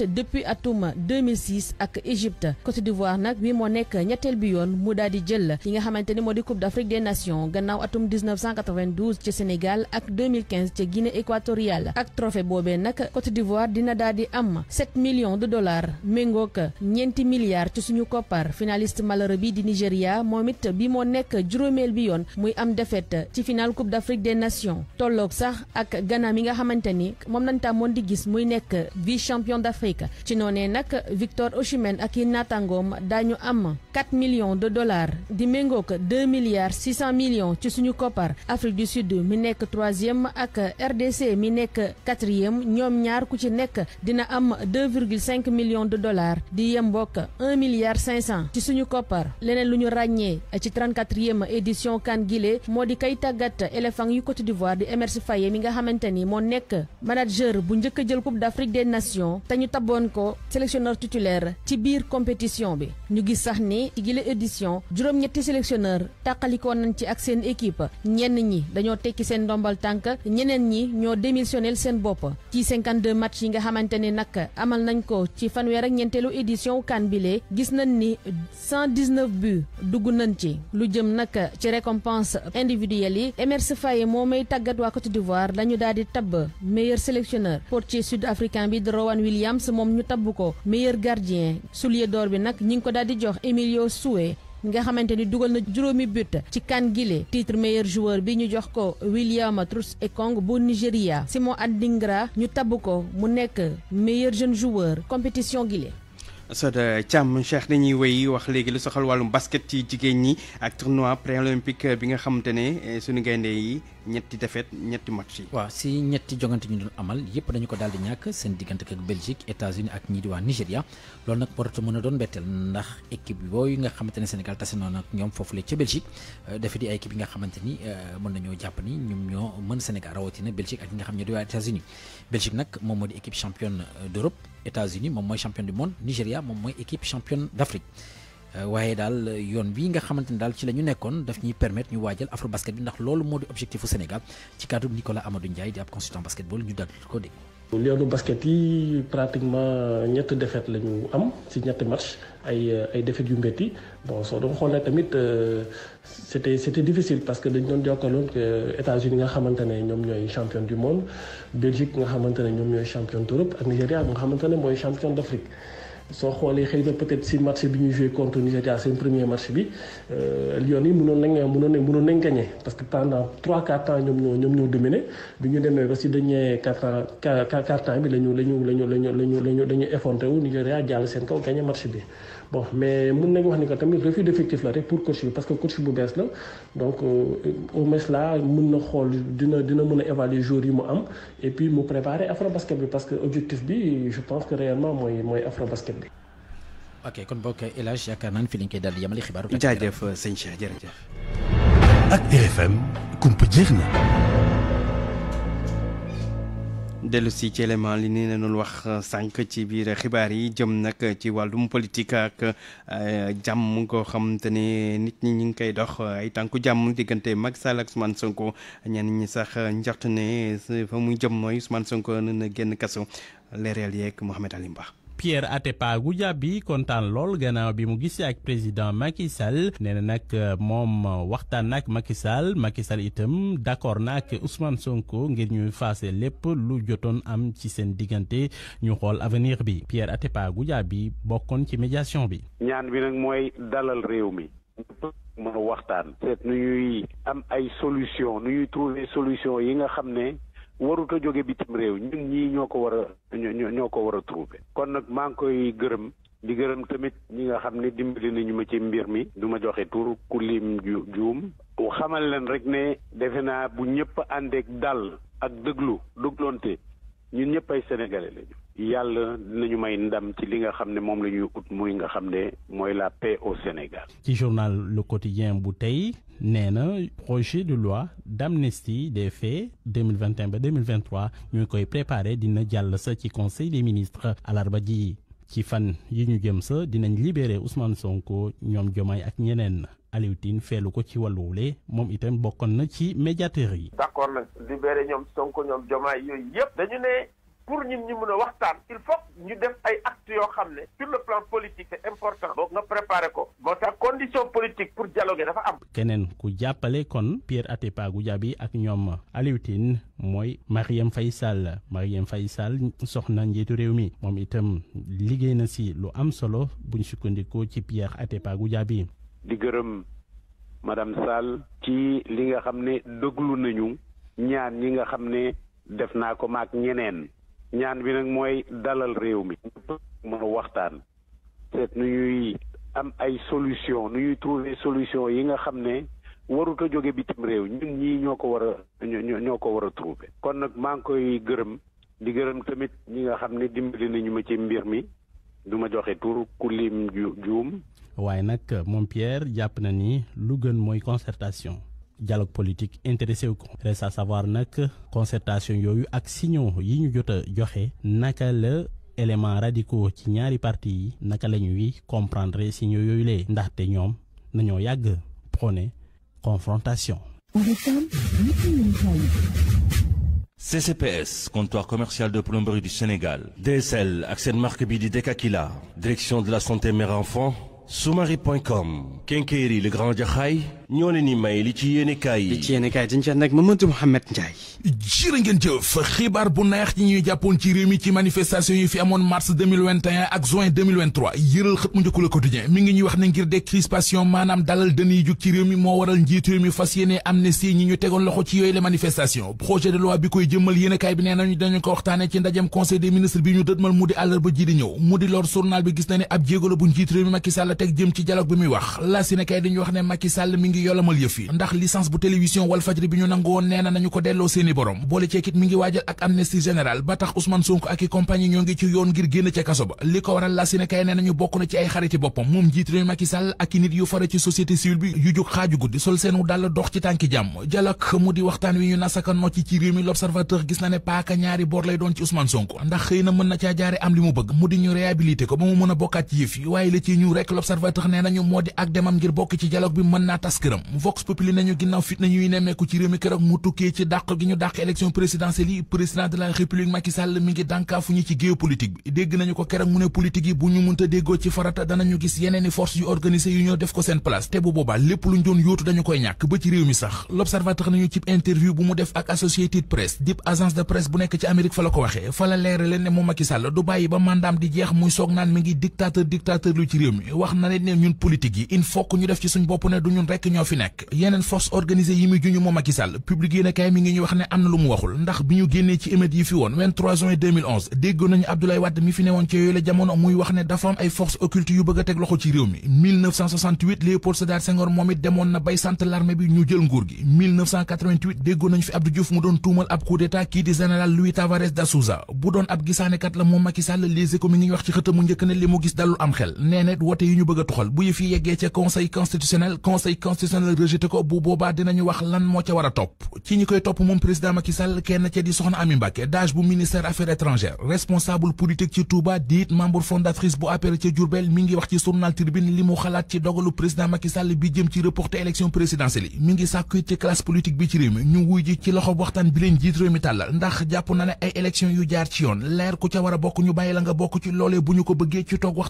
depuis atum ak Égypte Côte d'Ivoire nag bi moo nekk ñetteel bi yoon mu daal di jël li nga xamante ni moo di Coupe d'Afrique des Nations gannaaw atum 1992 ci Sénégal ak 2015 ci Guinée équatoriale ak trophée boobee nag Côte d'Ivoire dina daal di am 7 millions de dollars méngook ñeenti milliards ci suñu koppar finaliste malheureux bi di Nigéria moom it bi moo nekk juróomeel bi yoon muy am defet ci final Coupe d'Afrique des Nations tolloog sax ak Ghana mi nga xamante ni moom lañ moon di gis muy nekk vice champion d'Afrique ci noonee nag Victor Osimhen ak yi naataangoom daañu am 4 millions de dollars di méngook 2 milliards 600 millions ci suñu koppar Afrique du Sud mi nekk troisième ak RDC mi nekk quatrième ñoom ñaar ku nekk dina am 2,5 millions de dollars di yem bokk 1 milliard 500 ci suñu koppar leneen lu ñu ràññee ci 34e édition kan gile moo di kay tàggat éléphant yu Côte d'Ivoire di Emerse Faé mi nga xamante ni moo nekk manager bu njëkk a jël Coupe d'Afrique des Nations te ñu taboon ko sélectionneur titulaire ci biir compétition bi ñu gis sax ni ci gile édition juróom-ñetti sélectionneur tàqalikoo nañ ci ak seen équipe ñenn ñi dañoo tekki seen ndombal tànk ñeneen ñi ñoo démissionnel nga xamante ni nag amal nañ ko ci fanweer ak ñeenteelu édition kan bile gis nañ ni 119 buts dugg nañ ci lu jëm nag ci récompense individuelle yi Emerse Faé moo may tàggat waa Côte d'Ivoire dañu daal di tabb meilleur sélectionneur portier sud africain bi Rowan Williams moom ñu tabb ko meilleur gardien soulier d'or bi nag ñi ngi ko daal di jox Emilio Sue nga xamante ni dugal na juróomi but ci kan gile titre meilleur joueur bi ñu jox ko William Troost-Ekong bu Nigéria Simon Adingra ñu tab ko mu nekk meilleur jeune joueur compétition gile Soda euh, Thiam Cheikh dañuy wéy wax léegi lu soxal wàllum basket ci jigéen ñi ak tournoi pré-olympique euh, bi nga xamante ne euh, suñu gaynde yi ñetti defet ñetti match yi. waaw si ñetti jongante ñu doon amal yëpp dañu ko daal di ñàkk seen diggante ak Belgique États-Unis ak ñii diwaa waa Nigéria loolu nag waratu mën a doon mbetteel ndax équipe yooyu nga xamante ne Sénégal tase noonu ak ñoom foofu foofule ca Belgique dafa di ay équipe yi nga xamante ni mën nañoo jàpp ni ñoom ñoo mën Sénégal rawatina Belgique ak ñi nga xam ñoo di waa états Belgique nag moom moo di équipe championne euh, d'Europe États-Unis moom mooy championne du monde Nigéria moom mooy équipe championne d'Afrique Euh, waaye daal euh, yoon bi nga xamante ne daal ci la ñu nekkoon daf ñuy permettre ñu waajal afro basket bi ndax loolu moo di objectif u Sénégal ci cadre Nicolas Amadou Ndiaye di ab consultant basketball ñu daal ko dégg. yoonu basket yi pratiquement ñett défaite la ñu am si ñett match ay euh, ay défaite yu métti bon soo xool xoolee tamit c'était c'était difficile parce que dañ doon jokkaloon que États-Unis nga xamante ne ñoom ñooy champion du monde Belgique nga xamante ñoom ñooy champion d'Europe ak xamante ne mooy champion d'Afrique. soo xoolee xëy na peut-être si match bi ñuy joué contre Nigeria seen premier match bi euh, Lyon yi mënoon nañ mënoon nañ mënoon nañ gagné parce que pendant 3 4 temps ñoom ñoo ñoom ñoo dominé bi ñu demee ba si dernier quart temps bi la ñu la ñu la ñu jàll seen kaw gagné match bi. bon mais mun nañu wax ni que tamit refus d'effectif la rek pour coach bi parce que coach bu bees la donc euh, au moins là mun na xool dina dina mën a évaluer jour yi mu am et puis mu préparer afrobasket bi parce que objectif bi je pense que réellement mooy mooy afrobasket bi. ok kon bokk El Hadj yaakaar naan fi lañ koy daldi yamali xibaaru. jaajëf sëñ Cheikh jërëjëf. ak RFM kumpa jeex na. dellu si ci élément li ni leen wax euh, sànq ci biir xibaar yi jëm nag ci wàllum politique ak euh, jàmm koo xam te ne nit ñi ñu ngi koy dox euh, ay tànku jàmm diggante Macky Sall ak Ousmane Sonko ñenn ñi sax njort ne fa muy jëm mooy Ousmane Sonko na génn kaso leeral yeeg Mouhamed Ali Mba Pierre Atepa Goudiaby kontaan lool gannaaw bi mu gisee ak président Macky Sall nee na nag euh, moom euh, waxtaan na ak Macky Sall Sall itam d'accord na ak Ousmane Sonko ngir ñuy faase lépp lu jotoon am ci seen diggante ñu xool avenir bi Pierre Atepa bi bokkoon ci médiation bi. ñaan bi nag mooy dalal réew mi. mën a waxtaan. seet nu ñuy am ay solution nu ñuy trouver solution yi nga xam ne. warut a jóge bitim réew ñun ñii ñoo ko war a ñoo ko war a trouver kon nag maa ngi koy gërëm di gërëm tamit ñi nga xam ne dimbali nañu ma ci mbir mi du ma joxe tur ku lim juum xamal leen rek ne defe naa bu ñëpp àndeek dal ak dëglu dëgloonte ñun ñëpp ay sénégalais lañu yàlla dinañu may ndam ci li nga xam ne moom la ñuy ut muy nga xam ne mooy la paix au Sénégal. ci journal Le Quotidien bu tey nee na projet de loi d'amnistie des faits 2021 ba 2023 ñu ngi koy préparé dina jàll sa ci conseil des ministres alarba ji ci fan yi ñu jëm sa dinañ libeere Ousmane Sonko ñoom Diomaye ak ñeneen Aliou Tine feelu ko ci wàllu wule moom itam bokkoon na ci médiateurs yi. nag libéré ñoom Sonko ñoom Diomaye yooyu yëpp dañu ne pour ñun ñu mën a waxtaan il faut ñu def ay actes yoo xam ne sur le plan politique c'est important boo nga préparé ko moo tax condition politique pour dialoguer dafa am keneen ku jàppale kon Pierre Atepa Goudiaby ak ñoom Aliou Tine mooy fay Faye Sall Marième Faye Sall soxna njiitu réew mi moom itam liggéey na si lu am solo buñ sukkandikoo ci Pierre Atepa Goudiaby di gërëm madame Sall ci li nga xam ne déglu nañu ñaar ñi nga xam ne def naa ko maak ñeneen ñaan bi nag mooy dalal réew mi mën a waxtaan seet nu ñuy am ay solution nu ñuy trouver solution yi nga xam ne warut jóge bitim réew ñun ñii ñoo ko war a ñoo ko war a trouver kon nag maa ngi koy gërëm di gërëm tamit ñi nga xam ne dimbali nañu ma ci mbir mi du ma joxe tur ku lim juum waaye nag moom Pierre jàpp na ni lu gën mooy concertation dialogue politique intéressé wu ko reste à savoir nag concertation yooyu ak signaux yi ñu jot joxe naka la élément radicaux ci ñaari parti yi naka la ñuy comprendre signaux yooyu lee ndaxte ñoom nañoo yàgg prôné confrontation CCPS comptoir commercial de plomberie du Sénégal DSL ak seen marque bi di Dekakila direction de la santé mère enfant soumari.com Kenkeyri le grand Jaxaay ñoo ne may li ci yéene yi. ci yéene kaay dañ ca nag Mamadou Mouhamed Ndiaye. jëf xibaar bu neex ñi ñuy jàppoon ci réew mi ci manifestation yi fi amoon mars ak juin 2023 xët mu njëkk Le Quotidien mi ngi ñuy wax ne ngir décrispation maanaam dalal dën yi jug ci réew mi moo waral njiitu réew mi fas yéene amnistie ñi ñu tegoon loxo ci yooyu la manifestation projet de loi bi koy jëmmal yéene bi nee nañu dañu ko waxtaane ci ndajem ngi yolamal yëf yi ndax licence bu bi ñu nangu woon nee na nañu ko delloo seeni borom boole ceekit mi ngi waajal ak amnistie générale ba tax Ousmane Sonko ak i compagnie ñoo ngi ci yoon ak i nit yu fara ci société civile bi yu jóg xaaju guddi sol seenu dal dox ci tànki jàmm jalak mu di waxtaan wi ñu nasaka nocc ci réew mi l'observateur gis na ne paaka ñaari boor lay doon ci Ousmane Sonko ndax xëy na mën na caa jaare am li mu bëgg mu di ñu këram nañu ginnaaw fit nañuy nemmeeku ci réew mi keroog mu tukkee ci dàq gi ñu dàq élection présidentielle yi président de la république Macky mi ngi dànkaafu ñi ci géopolitique bi dégg nañu ko keroog mu ne politique yi bu ñu munta déggoo ci farata danañu gis yeneeni force yu organisé yu ñoo def ko seen place te bu boobaa lépp luñ doon yóotu dañu koy ñàkk ba ci réew mi sax l'observateur nañu cib interview bu mu def ak Associated Press dip agence de presse ñoo fi nekk yeneen force organisée yi muy juñu moom public yéen mi ngi wax ne am na lu mu waxul ndax bi ñu génnee ci émeutes yi fi woon juin déggoon nañu Abdoulaye Wade mi fi newoon ci yooyu la jamono muy wax ne dafa am ay forces occultes yu bëgg teg loxo ci réew mi 1968 Léopold Sédar Senghor moom it demoon na bay sant l'armée bi ñu jël nguur gi déggoon nañu fi Abdou Diouf mu doon tuumal ab coup d'état kii di général Louis Tavares da Souza bu doon ab constitutionnel ko bu boobaa dinañu wax lan moo ca war a topp ci ñi koy topp moom président Macky Sall kenn ca di soxna Ami Mbacké wax ci journal Tribune li mu xalaat ci dogalu bi jëm ci bi ci réew mi ñu wuy ji ci loxo waxtaan bi leen jiit réew mi tàllal ndax jàpp na a bokk ñu bàyyi la nga bokk ci loolee bu ñu ko bëggee ci toog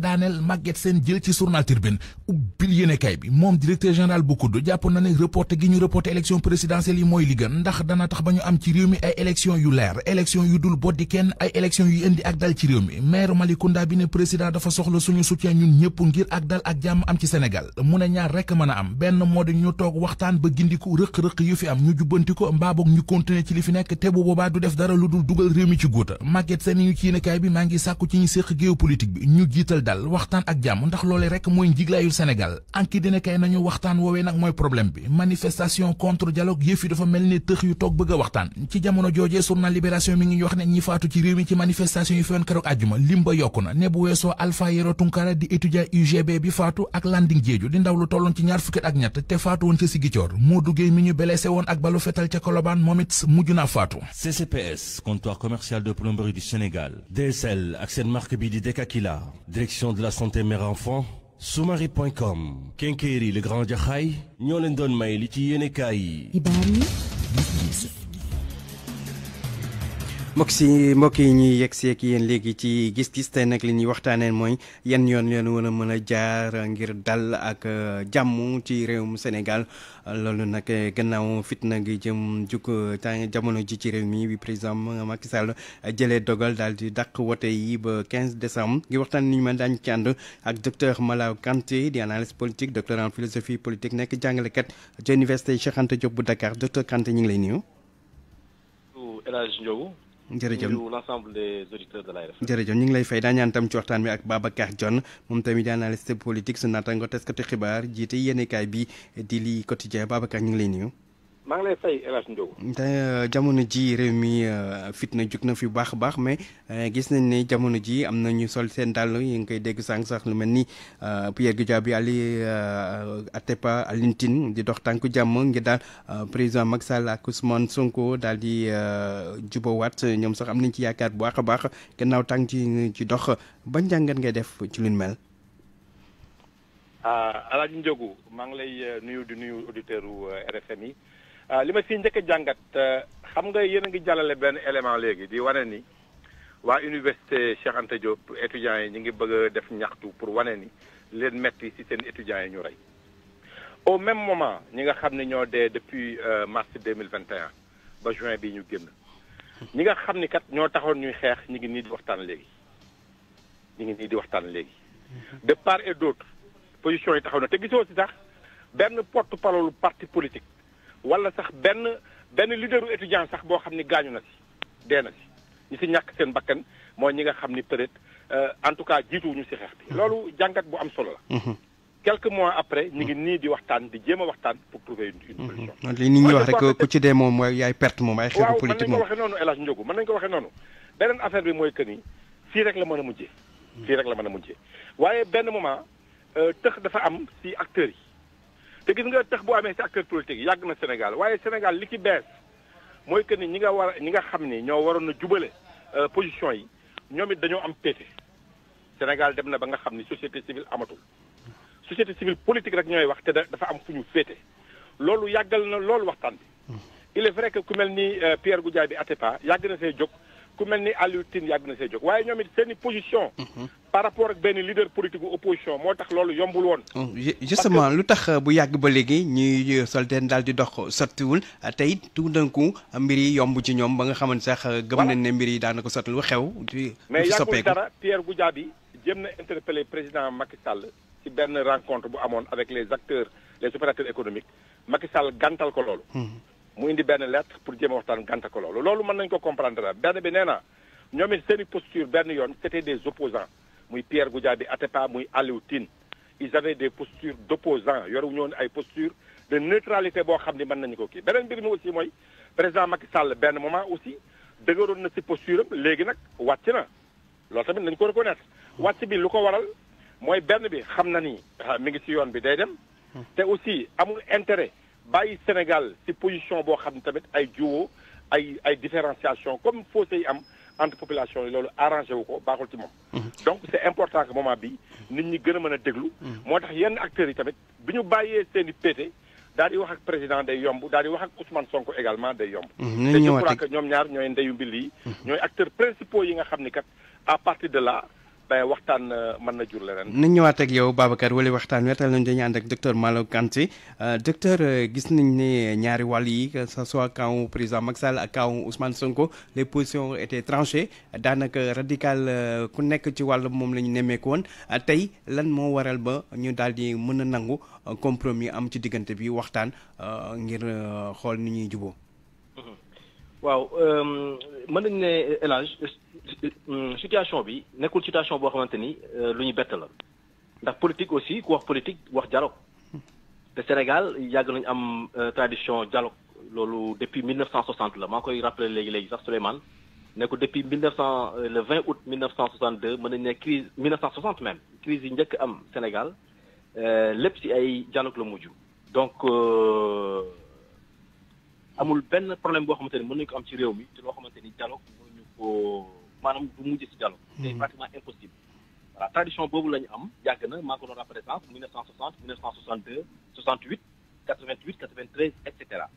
daaneel Maguette Sène jël ci journal Tribune ubbil yéenekaay bi moom directeur général bu kudd jàpp na ne reporté gi ñu reporté élection présidentielle yi mooy li gën ndax dana tax ba ñu am ci réew mi ay élection yu leer élection yu dul boddi kenn ay élection yu indi ak dal ci réew mi maire Malicounda bi ne président dafa soxla suñu soutien ñun ñëpp ngir ak dal ak jàmm am ci Sénégal mu ne ñaar rekk mën a am benn moo di ñu toog waxtaan ba gindiku rëq-rëq yu fi am ñu jubbanti ko mbaa boog ñu continuer ci li fi nekk te bu boobaa dara lu dul dugal mi ci góota màgget seen ñu ci maa ngi sàkku ci ñu séq géopolitique bi ñu jiital dal waxtaan ak jàmm Sénégal enquête dina kay nañu waxtaan woowee nag mooy problème bi manifestation contre dialogue yëf yi dafa mel ni tëx yu toog bëgg a waxtaan ci jamono joojee journal Libération mi ngi wax ne ñi faatu ci réew mi ci manifestation yi fewoon keroog àjjuma lim ba na ne bu Tunkara di étudiant UGB bi faatu ak Landing Jeeju di ndaw lu tolloon ci ñaar fukki ak ñett te faatu woon ca Sigicoor moo duggee mi ñu blessé woon ak balu fetal ca Colobane la santé sumari.com Kenkeyri le grand jaxaay ñoo leen doon may li ci yéenekaay yi. mbokk si mbokk yi ñuy yegg seeg yéen léegi ci gis-gis tey nag li ñuy waxtaanee mooy yan yoon leen war a mën a jaar ngir dal ak euh, jàmm ci réewum Sénégal loolu nag euh, gannaaw fitna gi jëm jukk temps euh, jamono ji ci réew mi bi président Macky Sall jëlee dogal daal di daq wote yi ba 15 décembre ngir waxtaan ni ñu mën daañu ci ànd ak docteur Malaw Kanté di analyse politique docteur en philosophie politique nekk jàngalekat ci université Cheikh Anta Diop bu Dakar docteur Kanté ñu ngi lay nuyu. jërëjëf nuyu l'ensemble des auditeurs de l'ARFM ñu ngi lay fay daañaan tam ci waxtaan bi ak Babacar jon moom tamit di analyste politique su naataango taskati xibaar jiite yenekaay bi di lii quotidien Babacar ñu ngi lay nuyu. maa lay fay El Hadj Ndiogo. Euh, jamono ji réew mi euh, fitna jóg na fi baax a baax mais euh, gis nañ ni jamono ji am na ñu sol seen dàll yi ngi koy dégg sànq sax lu mel ni Pierre Goudiaby Ali Atepa Alioune Tine di dox tànku jàmm ngir daal président Macky Sall ak Ousmane Sonko daal di jubawaat ñoom sax am nañ ci yaakaar bu baax a baax gannaaw tànk ci ci dox ban njàngat ngay def ci luñ mel. Ah, El maa ngi lay nuyu di nuyu auditeurs RFM yi. Ah, li ma si njëkk a jàngat ah, xam nga yéen a ngi jàllale benn élément léegi di wane ni waa université Cheikh Anta Diop yi ñu ngi bëgg a def ñaxtu pour wane ni leen metti ci seen étudiants yi ñu rey au même moment ñi nga xam ne ñoo dee depuis euh, mars 2021 ba juin bi ñu génn ñi nga xam ni kat ñoo taxoon ñuy xeex ñu ngi nii di waxtaan léegi ñu ngi nii di waxtaan léegi mhm. de par et d'autre position yi taxaw na te gisoo si sax benn porte-parole parti politique wala sax benn benn leaderu étudiant sax boo xam ni gaañu na si dee na si ñi si ñàkk seen bakkan mooy ñi nga xam ni peut-être euh, en tout cas ñu si xeex bi. Hmm. loolu jàngat bu am solo la. Hmm. quelque mois après ñu ngi hmm. nii di waxtaan di jéem a waxtaan pour trouver une solution. li nit ñi wax rek ku ci dee moom mooy yaay perte moom ay xeetu politique moom waaw mën nañu ko waxee noonu El Hadj Ndiogou mën nañu ko waxee noonu. beneen affaire bi mooy que ni fii rek la mën a mujjee. fii rek la mën a mujjee waaye benn moment euh, tëx dafa am si acteurs yi. te gis nga tax boo amee si acteur politique yàgg na Sénégal waaye Sénégal li ci bees mooy que ni ñi nga war ñi nga xam ni ñoo waroon na jubale euh, position yi ñoom it dañoo am pété Sénégal dem na ba nga xam ni société civile amatul société civile politique rek ñooy wax te dafa am fu ñu féete loolu yàggal na loolu waxtaan bi hmm. il est vrai que ku mel ni euh, Pierre Goudiaby Atepa yàgg na see jóg ku mel ni Aliou Tine yàgg na see jóg waaye ñoom it seen position. Mhm. par rapport ak benn leader politique bu opposition moo tax loolu yombul woon. Oh, justement lu tax euh, bu yàgg ba léegi ñuy euh, solteen daal di dox sottiwul euh, tey tout d'un coup mbir yi yomb ci ñoom ba nga xamante sax. gëm ne mbir yi daanaka sotti lu xew. di mais yàggul dara Pierre Goudiaby jéem na interpellé président Macky Sall ci benn rencontre bu amoon avec les acteurs les opérateurs économiques Macky Sall ko loolu. Mhm. mu indi benn lettre pour jéem waxtaan gànta ko loolu loolu mën nañu ko comprendre la benn bi nee na ñoom it seen i posture benn yoon c'était des opposants muy Pierre Goudiaby Atepa muy Aliou Tine ils avaient des postures d'opposants yoru ñoon ay posture de neutralité boo xam ne mën nañu ko kii beneen mbir mi aussi mooy président Macky Sall benn moment aussi dëgëroon na si posture léegi nag wàcc na loolu tamit nañu ko reconnaître wàcc bi lu ko waral mooy benn bi xam na ni ah, mi ngi si yoon bi day dem hmm. te aussi amul intérêt bàyyi Sénégal ci position boo xam ne tamit ay jiwoo ay ay différenciation comme fossé yi am entre population yi loolu arrangé wu ko baaxul ci moom. Mhm. donc c' important que moment bi nit ñi gën a mën a déglu. Mhm. moo tax yenn acteur yi tamit bi ñu bàyyee seen i péete daal di wax ak président day yomb daal di wax ak Ousmane Sonko également day yomb. Mhm, te je crois que ñoom ñaar ñooy ndeyu mbir yi. ñooy acteurs principaux yi nga xam ni kat à partir de là. ba waxtaan euh, man na jur leneen. nañ ñëwaat ak yow Babacar wala waxtaan wetal nañ dañu ànd ak docteur Malo Kanté euh, docteur euh, gis nañ ne ñaari wàll yi que ce soit camp président Macky Sall ak camp Ousmane Sonko les positions étaient tranchées daanaka radical ku nekk ci wàll moom lañu ñu woon tey lan moo waral ba ñu daal di mën a nangu compromis am ci diggante bi waxtaan ngir xool ni ñuy juboo waaw euh, mën nañ ne élage euh, situation bi nekkul situation boo xamante ni euh, lu ñu bett la ndax politique aussi ku wax politique wax dialogue te Sénégal yàgg nañu am tradition dialogue loolu depuis 1960 la maa koy rappelé léegi léegi sax Souleymane ne ko depuis 1900 le 20 août 1962 mën nañu ne crise 1960 même crise yi njëkk am Sénégal lépp ci ay dialogue la mujj donc. amul benn problème boo xamante ne mën nañu ko am ci réew mi te loo xamante ni dialogue mënuñu ko maanaam du mujj si dialogue hmm. c'est pratiquement impossible voilà tradition boobu lañu am yàgg na maa ngi ko doon rappelé sànq 1960 1962 68 88 93 et cetera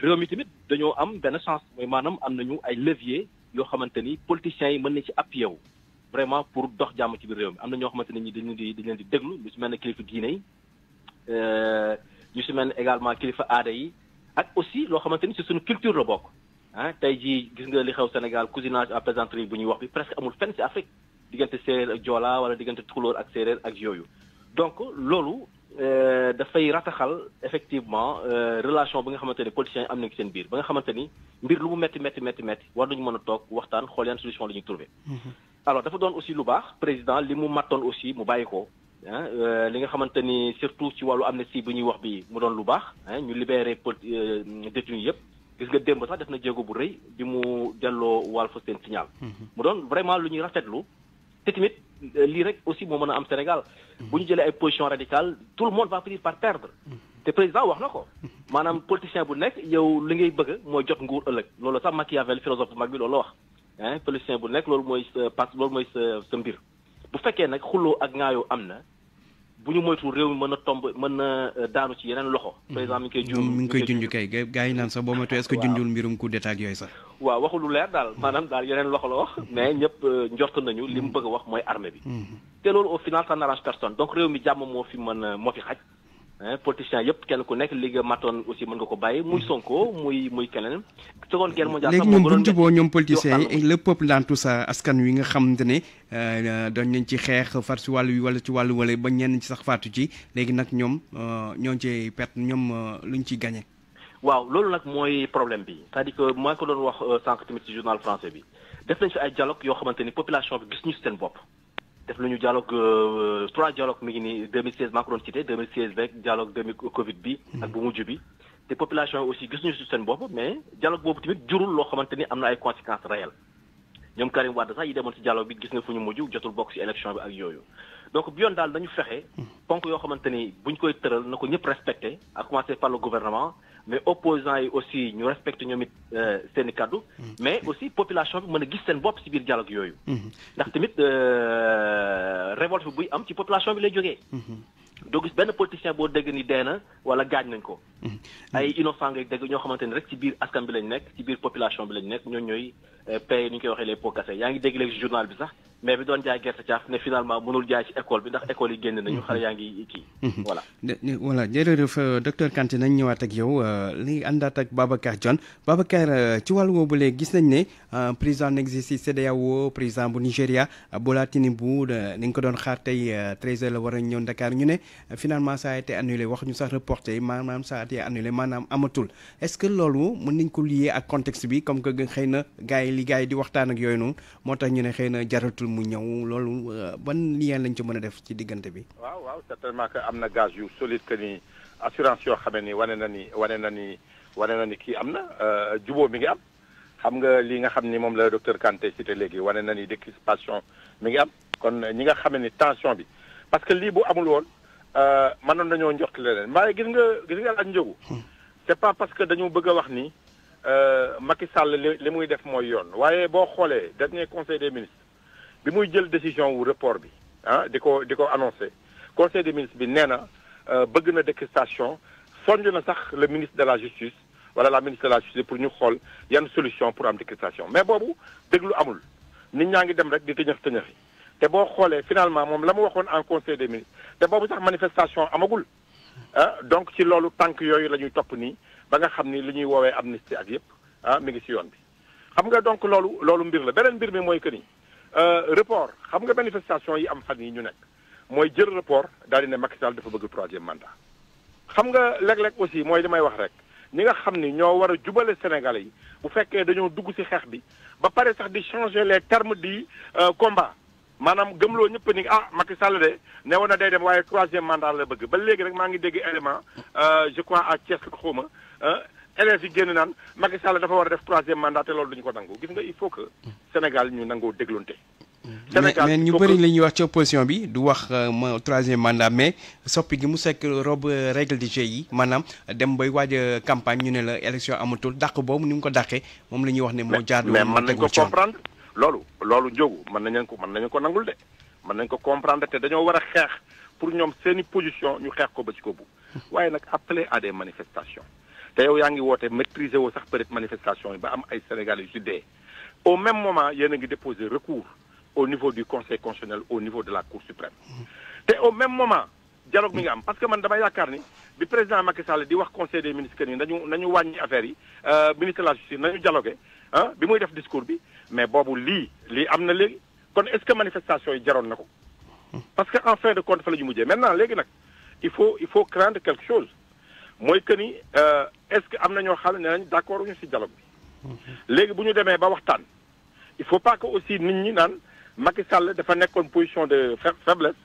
réew mi tamit dañoo am benn chance mooy maanaam am nañu ay levier yoo xamante ni politiciens yi mën nañ ci appuyé wu vraiment pour dox jàmm ci biir am na ñoo xamante ne ñi dañu di dañu leen di déglu lu si mel ne kilifa diine yi ñu euh, si mel ne également kilifa aada yi ak aussi loo xamante ni ci suñu culture la bokk ah tey jii gis nga li xew Sénégal cousinage à plaisanterie bu ñuy wax bi presque amul fenn ci Afrique diggante séeréer ak joola wala diggante tukulóor ak séeréer ak yooyu donc loolu euh, dafay rataxal effectivement euh, relation bi nga xamante ni politiciens yi am nañu seen biir ba nga xamante ni mbir lu mu metti metti metti metti war nañu mën a toog waxtaan xool yan solution la ñuy trouver mhm. alors dafa doon aussi lu baax président li mu mattoon aussi mu bàyyi ko ah euh, li nga xamante ni surtout ci wàllu amnistie bi ñuy wax bi mu doon lu baax ah, ñu libéré po euh, détenus yëpp gis nga démb sax def na jéego bu rëy bi mu delloo Walf seen signal. Mhm. mu doon vraiment lu ñuy rafetlu te tamit euh, lii rek aussi moo mën a am Sénégal. Mhm. bu ñu jëlee ay position radicale tout le monde va finir par perdre. Mhm. te président wax na ko. maanaam politicien bu nekk yow li ngay bëgg mooy jot nguur ëllëg loolu sax Machiavel philosophe bu mag bi loolu wax. ah politicien bu nekk loolu mooy sa passe mooy sa sa mbir. bu fekkee nag xuloo ak ŋaayoo am na bu ñu moytu réew mi mën a tomb mën na euh, daanu ci yeneen loxo. Mm-hmm. président mi ngi koy junj mm-hmm. mi ngi koy junj kay gars yi naan sax boo moytu est-ce que junjul mbirum coup d'état yooyu sax. waaw waxu lu leer daal maanaam daal yeneen loxo la wax mm-hmm. mais ñëpp euh, njort nañu li mu bëgg wax mooy armée bi. te loolu au final ça n'arrange personne donc réew mi jàmm moo fi mën moo fi xaj. politiciens yëpp kenn ku nekk li nga matoon aussi mën nga ko bàyyi muy Sonko muy muy keneen. seconde guerre mondiale léegi ñoom bu ñu juboo ñoom politiciens yi le peuple dans tout askan wi nga xamante ne euh, dañ leen ci xeex far si wàll wàllu wala ci wàllu wala ba ñenn ci sax faatu ci léegi nag ñoom euh, ñoo ci perte ñoom euh, luñ ci gagné. waaw loolu nag mooy problème bi. c'est-à-dire que ko doon wax sànq tamit ci journal français bi def nañ fi ay dialogue yoo xamante ni population bi gis ñu seen bopp. def lu nañu dialogue euh, trois dialogue mu ngi nii 2016 maa ko doon cité 2016 rek dialogue demi Covid bi. Hmm. ak bu mujj bi. te population aussi gis nañu si seen bopp mais dialogue boobu tamit jurul loo xamante ni am na ay conséquences réelles ñoom Karim Wade sax yi demoon si dialogue bi gis nga fu ñu mujj jotul bokk si élection bi ak yooyu. donc bi yoon daal dañu fexe. Hmm. ponk yoo xamante ni buñ koy tëral na ko ñëpp respecté à commencer par le gouvernement. mais opposants yi aussi ñu respecté ñoom it euh, seen i kaddu. Mm. mais aussi population bi mën a gis seen bopp si biir dialogue yooyu. Mm-hmm. ndax tamit euh, révolte buy am ci population bi lay doo gis benn politicien boo dégg ni dee na wala gaañ nañ ko. Mhm. ay innocent ngay dégg ñoo xamante ni rek ci biir askan bi lañ nekk ci biir population bi lañ nekk ñooñu ñooy euh, paye ni waxee les yaa ngi dégg léegi bi sax mais bi doon jaay gerte caaf ne finalement mënul jaay ci école bi ndax école yi génn nañu mhm. xale yaa ngi kii. Mhm. voilà. voilà jërëjëf euh, docteur Kanté nañ ñëwaat ak yow euh, li àndaat ak ci wàllu woowu léegi gis nañ ne président en exercice CEDEAO président bu Nigéria Bola Tinubu ni nga ko doon xaar tey 13h la war a ñëw ndakaar ñu ne finalement ça a été annulé wax ñu sax reporté maanaam ça a été annulé maanaam amatul est ce que loolu mën nañ ko lier ak contexte bi comme que xëy na gars yi li gars yi di waxtaan ak yooyu noonu moo tax ñu ne xëy na jaratul mu ñëw loolu euh, ban lien lañ ci mën a def ci diggante bi. waaw waaw certainement que am na gage yu solide que ni assurance yoo xam ni wane na ni wane na ni wane na ni kii am na euh, jubóo mi ngi am. xam nga li nga xam ni moom la docteur Kanté cité léegi wane na ni décrispation mi ngi am kon ñi nga xam ni tension bi parce que lii bu amul woon. Euh, mënoon nañoo njort leneen waaye gis nga gis nga laaj njëgu hmm. c'est pas parce que dañu bëgg a wax ni euh, Macky Sall li li muy def mooy yoon waaye boo xoolee dernier conseil des ministres bi muy jël décision wu report bi ah di ko di ko annoncé conseil des ministres bi nee na euh, bëgg na décristation sonj na sax le ministre de la justice wala la ministre de la justice pour ñu xool yan solution pour am décristation mais boobu déglu amul nit ñaa ngi dem rek di tëñëx tëñëxi te boo xoolee finalement moom la mu waxoon en conseil des ministres te boobu sax manifestation amagul ah donc ci loolu tànk yooyu la ñuy topp nii ba nga xam ni li ñuy woowee amnistie ak yépp ah mi ngi ci yoon bi. xam nga donc loolu loolu mbir la beneen mbir mi mooy que ni euh, report xam nga manifestation yi am fan yi ñu nekk mooy jël report daal di ne Macky Sall dafa bëgg troisième mandat. xam nga léeg-léeg aussi mooy damay wax rek ñi nga xam ni ñoo war a jubale Sénégalais yi bu fekkee dañoo dugg ci xeex bi ba pare sax di changer les termes du euh, combat. maanaam loo ñëpp nii ah Macky Sall de ne woon na day dem waaye troisième mandat la bëgg ba léegi rek maa ngi dégg élément euh, je crois à Thiès xaw ma euh, élèves yi génn naan Macky Sall dafa war a def troisième mandat te loolu duñu ko nangu gis nga il faut que Sénégal ñu nangoo dégloonte. Sénégal mais ñu bëri la ñuy wax ci opposition bi du wax euh, ma troisième mandat mais soppi gi mu sekk rob règle du jeu yi maanaam dem bay waaj a ñu ne la élection amatul dàq boobu ni mu ko dàqee moom la ñuy wax ne moo jaadu. mais mën nañ ko comprendre loolu loolu njógu mën nañu ko mën nañu ko nangul de mën nañ ko comprendre te dañoo war a xeex pour ñoom seeni position ñu xeex ko ba ci ko bu waaye nag appeler à des manifestations te yaa ngi woote maîtriser woo sax peut-être manifestation yi ba am ay Sénégalais yu si au même moment yéen a ngi déposer recours au niveau du conseil constitutionnel au niveau de la cour suprême te au même moment dialogue mi nga am parce que man dama yaakaar ni bi président Macky Sall wax conseil des ministres que ni nañu wàññi affaire yi euh, ministre de la justice nañu dialogué ah bi muy def discours bi mais boobu lii lii am na léegi kon est-ce que manifestation yi jaroon na ko parce que en fin de compte fa la ñu mujjee maintenant léegi nag il faut il faut craindre quelque chose mooy que ni euh, est-ce que am na ñoo xam ne nañ d'accord ñu si dialogue bi léegi bu ñu demee ba waxtaan il faut pas que aussi nit ñi naan Macky Sall dafa nekkoon position de faiblesse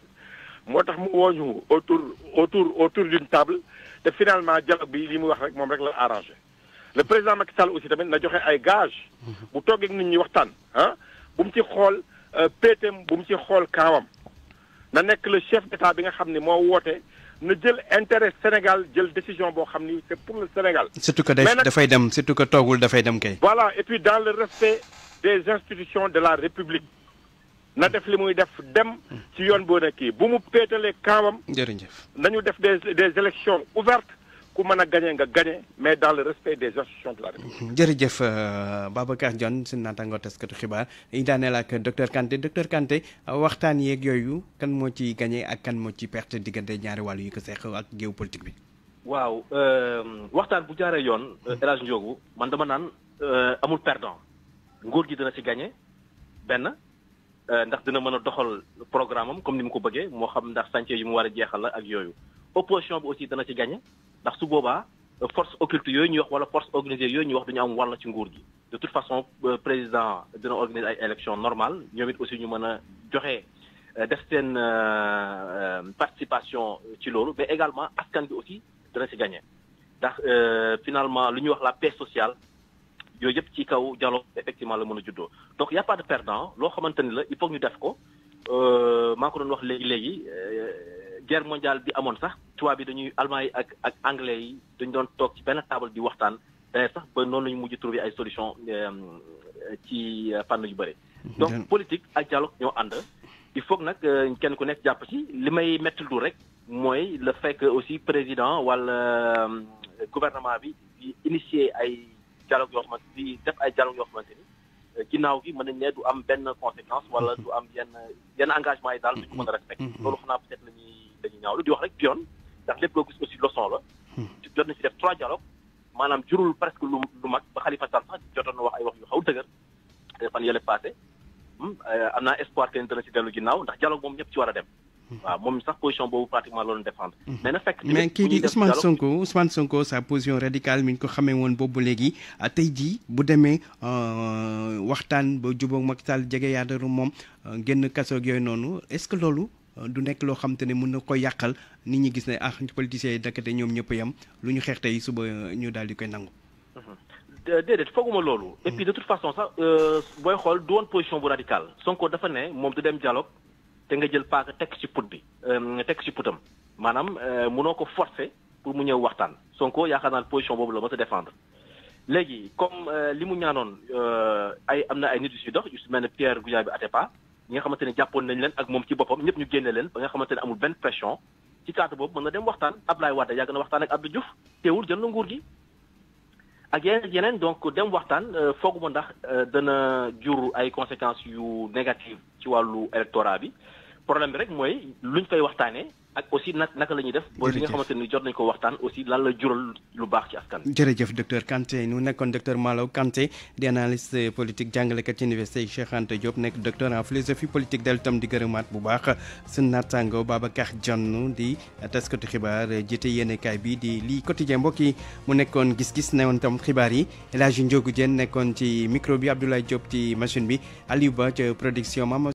moo tax mu wooñu autour autour autour d'une table te finalement dialogue bi li mu wax rek moom rek la arrangé le président Macky Sall aussi tamit na joxe ay gage bu toogee ak nit ñi waxtaan ah bu mu ci xool euh, péetem bu mu ci xool kaawam na nekk le chef d'état bi nga xam ni moo woote na jël intérêt Sénégal jël décision boo xam ni c'est pour le Sénégal. surtout que dafay dem surtout que toogul dafay dem kay. voilà et puis dans le respect des institutions de la République na def li muy def dem ci yoon boo nekkee bu mu péetalee kaawam. jërëjëf nañu def des des élections ouvertes. ku mën a gagné nga gañe mais dal le respect des institutions de la République. Mm-hmm. jërëjëf euh, Babacar Dione suñu naataangoo taskatu xibaar yi daaneel ak docteur Kanté docteur Kanté waxtaan yeeg yooyu kan moo ci gagné ak kan moo ci perte diggante ñaari wàllu yu ko seex ak géopolitique bi. waaw euh, waxtaan bu jaaree yoon. Euh, mm-hmm. El Hadj man dama naan amul perdant nguur gi dina ci gagné benn. ndax dina mën a doxal programme am comme ni mu ko bëggee moo xam ndax chantier yi mu war a jeexal la ak yooyu opposition bi aussi dana ci gagné ndax su boobaa euh, force occulte yooyu ñuy wax wala force organisée yooyu ñuy wax duñu am wàll ci nguur gi de toute façon euh, président dina organiser ay élection normale ñoom it aussi ñu mën a joxe euh, def seen participation ci loolu mais également askan bi aussi dana si gagné ndax finalement lu ñuy wax la paix sociale yooyu yëpp ci kaw dialogue effectivement la mën a juddoo donc y' a pas de perdant loo xamante ni la il faut ñu def ko maa ko doon wax léegi léegi guerre mondiale bi amoon sax tubaab yi dañuy allemand yi ak ak anglais yi dañu doon toog ci benn table di waxtaan d'ailleurs sax ba noonu lañu mujj trouver ay solution euh, ci fànn yu bëri donc politique ak dialogue ñoo ànd il faut nag euh, kenn ku nekk jàpp ci li may métti du rek mooy le fekk aussi président wala euh, gouvernement bi di initier ay dialogue yoo xamante di def ay dialogue yoo xamante ni ginnaaw gi mën nañ ne du am benn conséquence wala du am yenn yenn engagement yi daal duñu mën a respecté mm-hmm. loolu dañuy ñaawlu di wax rek yoon ndax lépp loo gis aussi leçon la. Hmm. jot na ci def trois dialogue maanaam jurul presque lu lu mag ba Khalifa Sall sax jotoon na wax ay wax yu xaw dëgër fan yële passé hmm, euh, am naa espoir que dana ci dellu ginnaaw ndax dialogue moom ñëpp ci war a dem. Hmm. waaw moom sax position boobu pratiquement loolu défendre. mais na fekk mais kii di Ousmane Sonko Ousmane Sonko sa position radicale mi ñu ko xamee woon boobu léegi euh, tey jii bu demee euh, waxtaan ba jubóog Macky Sall jege yaadaru moom génn kasoog yooyu noonu est que loolu. Euh, du nekk loo xam te ne mën na ko yàqal nit ñi gis ne ah politiciens yi dakate ñoom ñëpp yam lu ñu xeex tey suba euh, ñu daal di koy nangu. Mhm. déedéet fooguma loolu. et puis de toute façon sax euh, booy xool du woon bu radicale. Sonko dafa ne moom du dem dialogue te nga jël paaka teg ci put bi. teg ci putam maanaam mënoo ko forcer pour mu ñëw waxtaan Sonko yaakaar naa position boobu la ma sa défendre. léegi comme li mu ñaanoon ay am na ay nit yu si dox yu si mel ne Pierre Goudiaby pa ñi nga xamante ne jàppoon nañ leen ak moom ci boppam ñëpp ñu génne leen ba nga xamante ne amul benn pression ci cadre boobu mën na dem waxtaan Abdoulaye Wade yàgg na waxtaan ak Abdou Diouf teewul jël nguur gi ak yeneen donc dem waxtaan euh, fooguma ndax euh, dana jur ay conséquences yu négatives ci wàllu électorat bi problème bi rek mooy lu ñu koy waxtaanee ak aussi nag naka la ñuy def. ba li nga xamante ni jot nañ ko waxtaan aussi lan la jural lu baax ci askan jërëjëf docteur Kanté ñu nekkoon docteur Malaw Kanté di analyste politique jàngalekat ci université Cheikh Anta Diop nekk docteur en philosophie politique dellu tam di gërëmaat bu baax suñu naataango Babacar Dione di taskatu xibaar jiite yéenekaay bi di lii quotidien mbokk yi mu nekkoon gis-gis newoon tam xibaar yi El Hadj Ndiogou Diène nekkoon ci micro bi Abdoulaye Diop ci machine bi Aliou Ba ca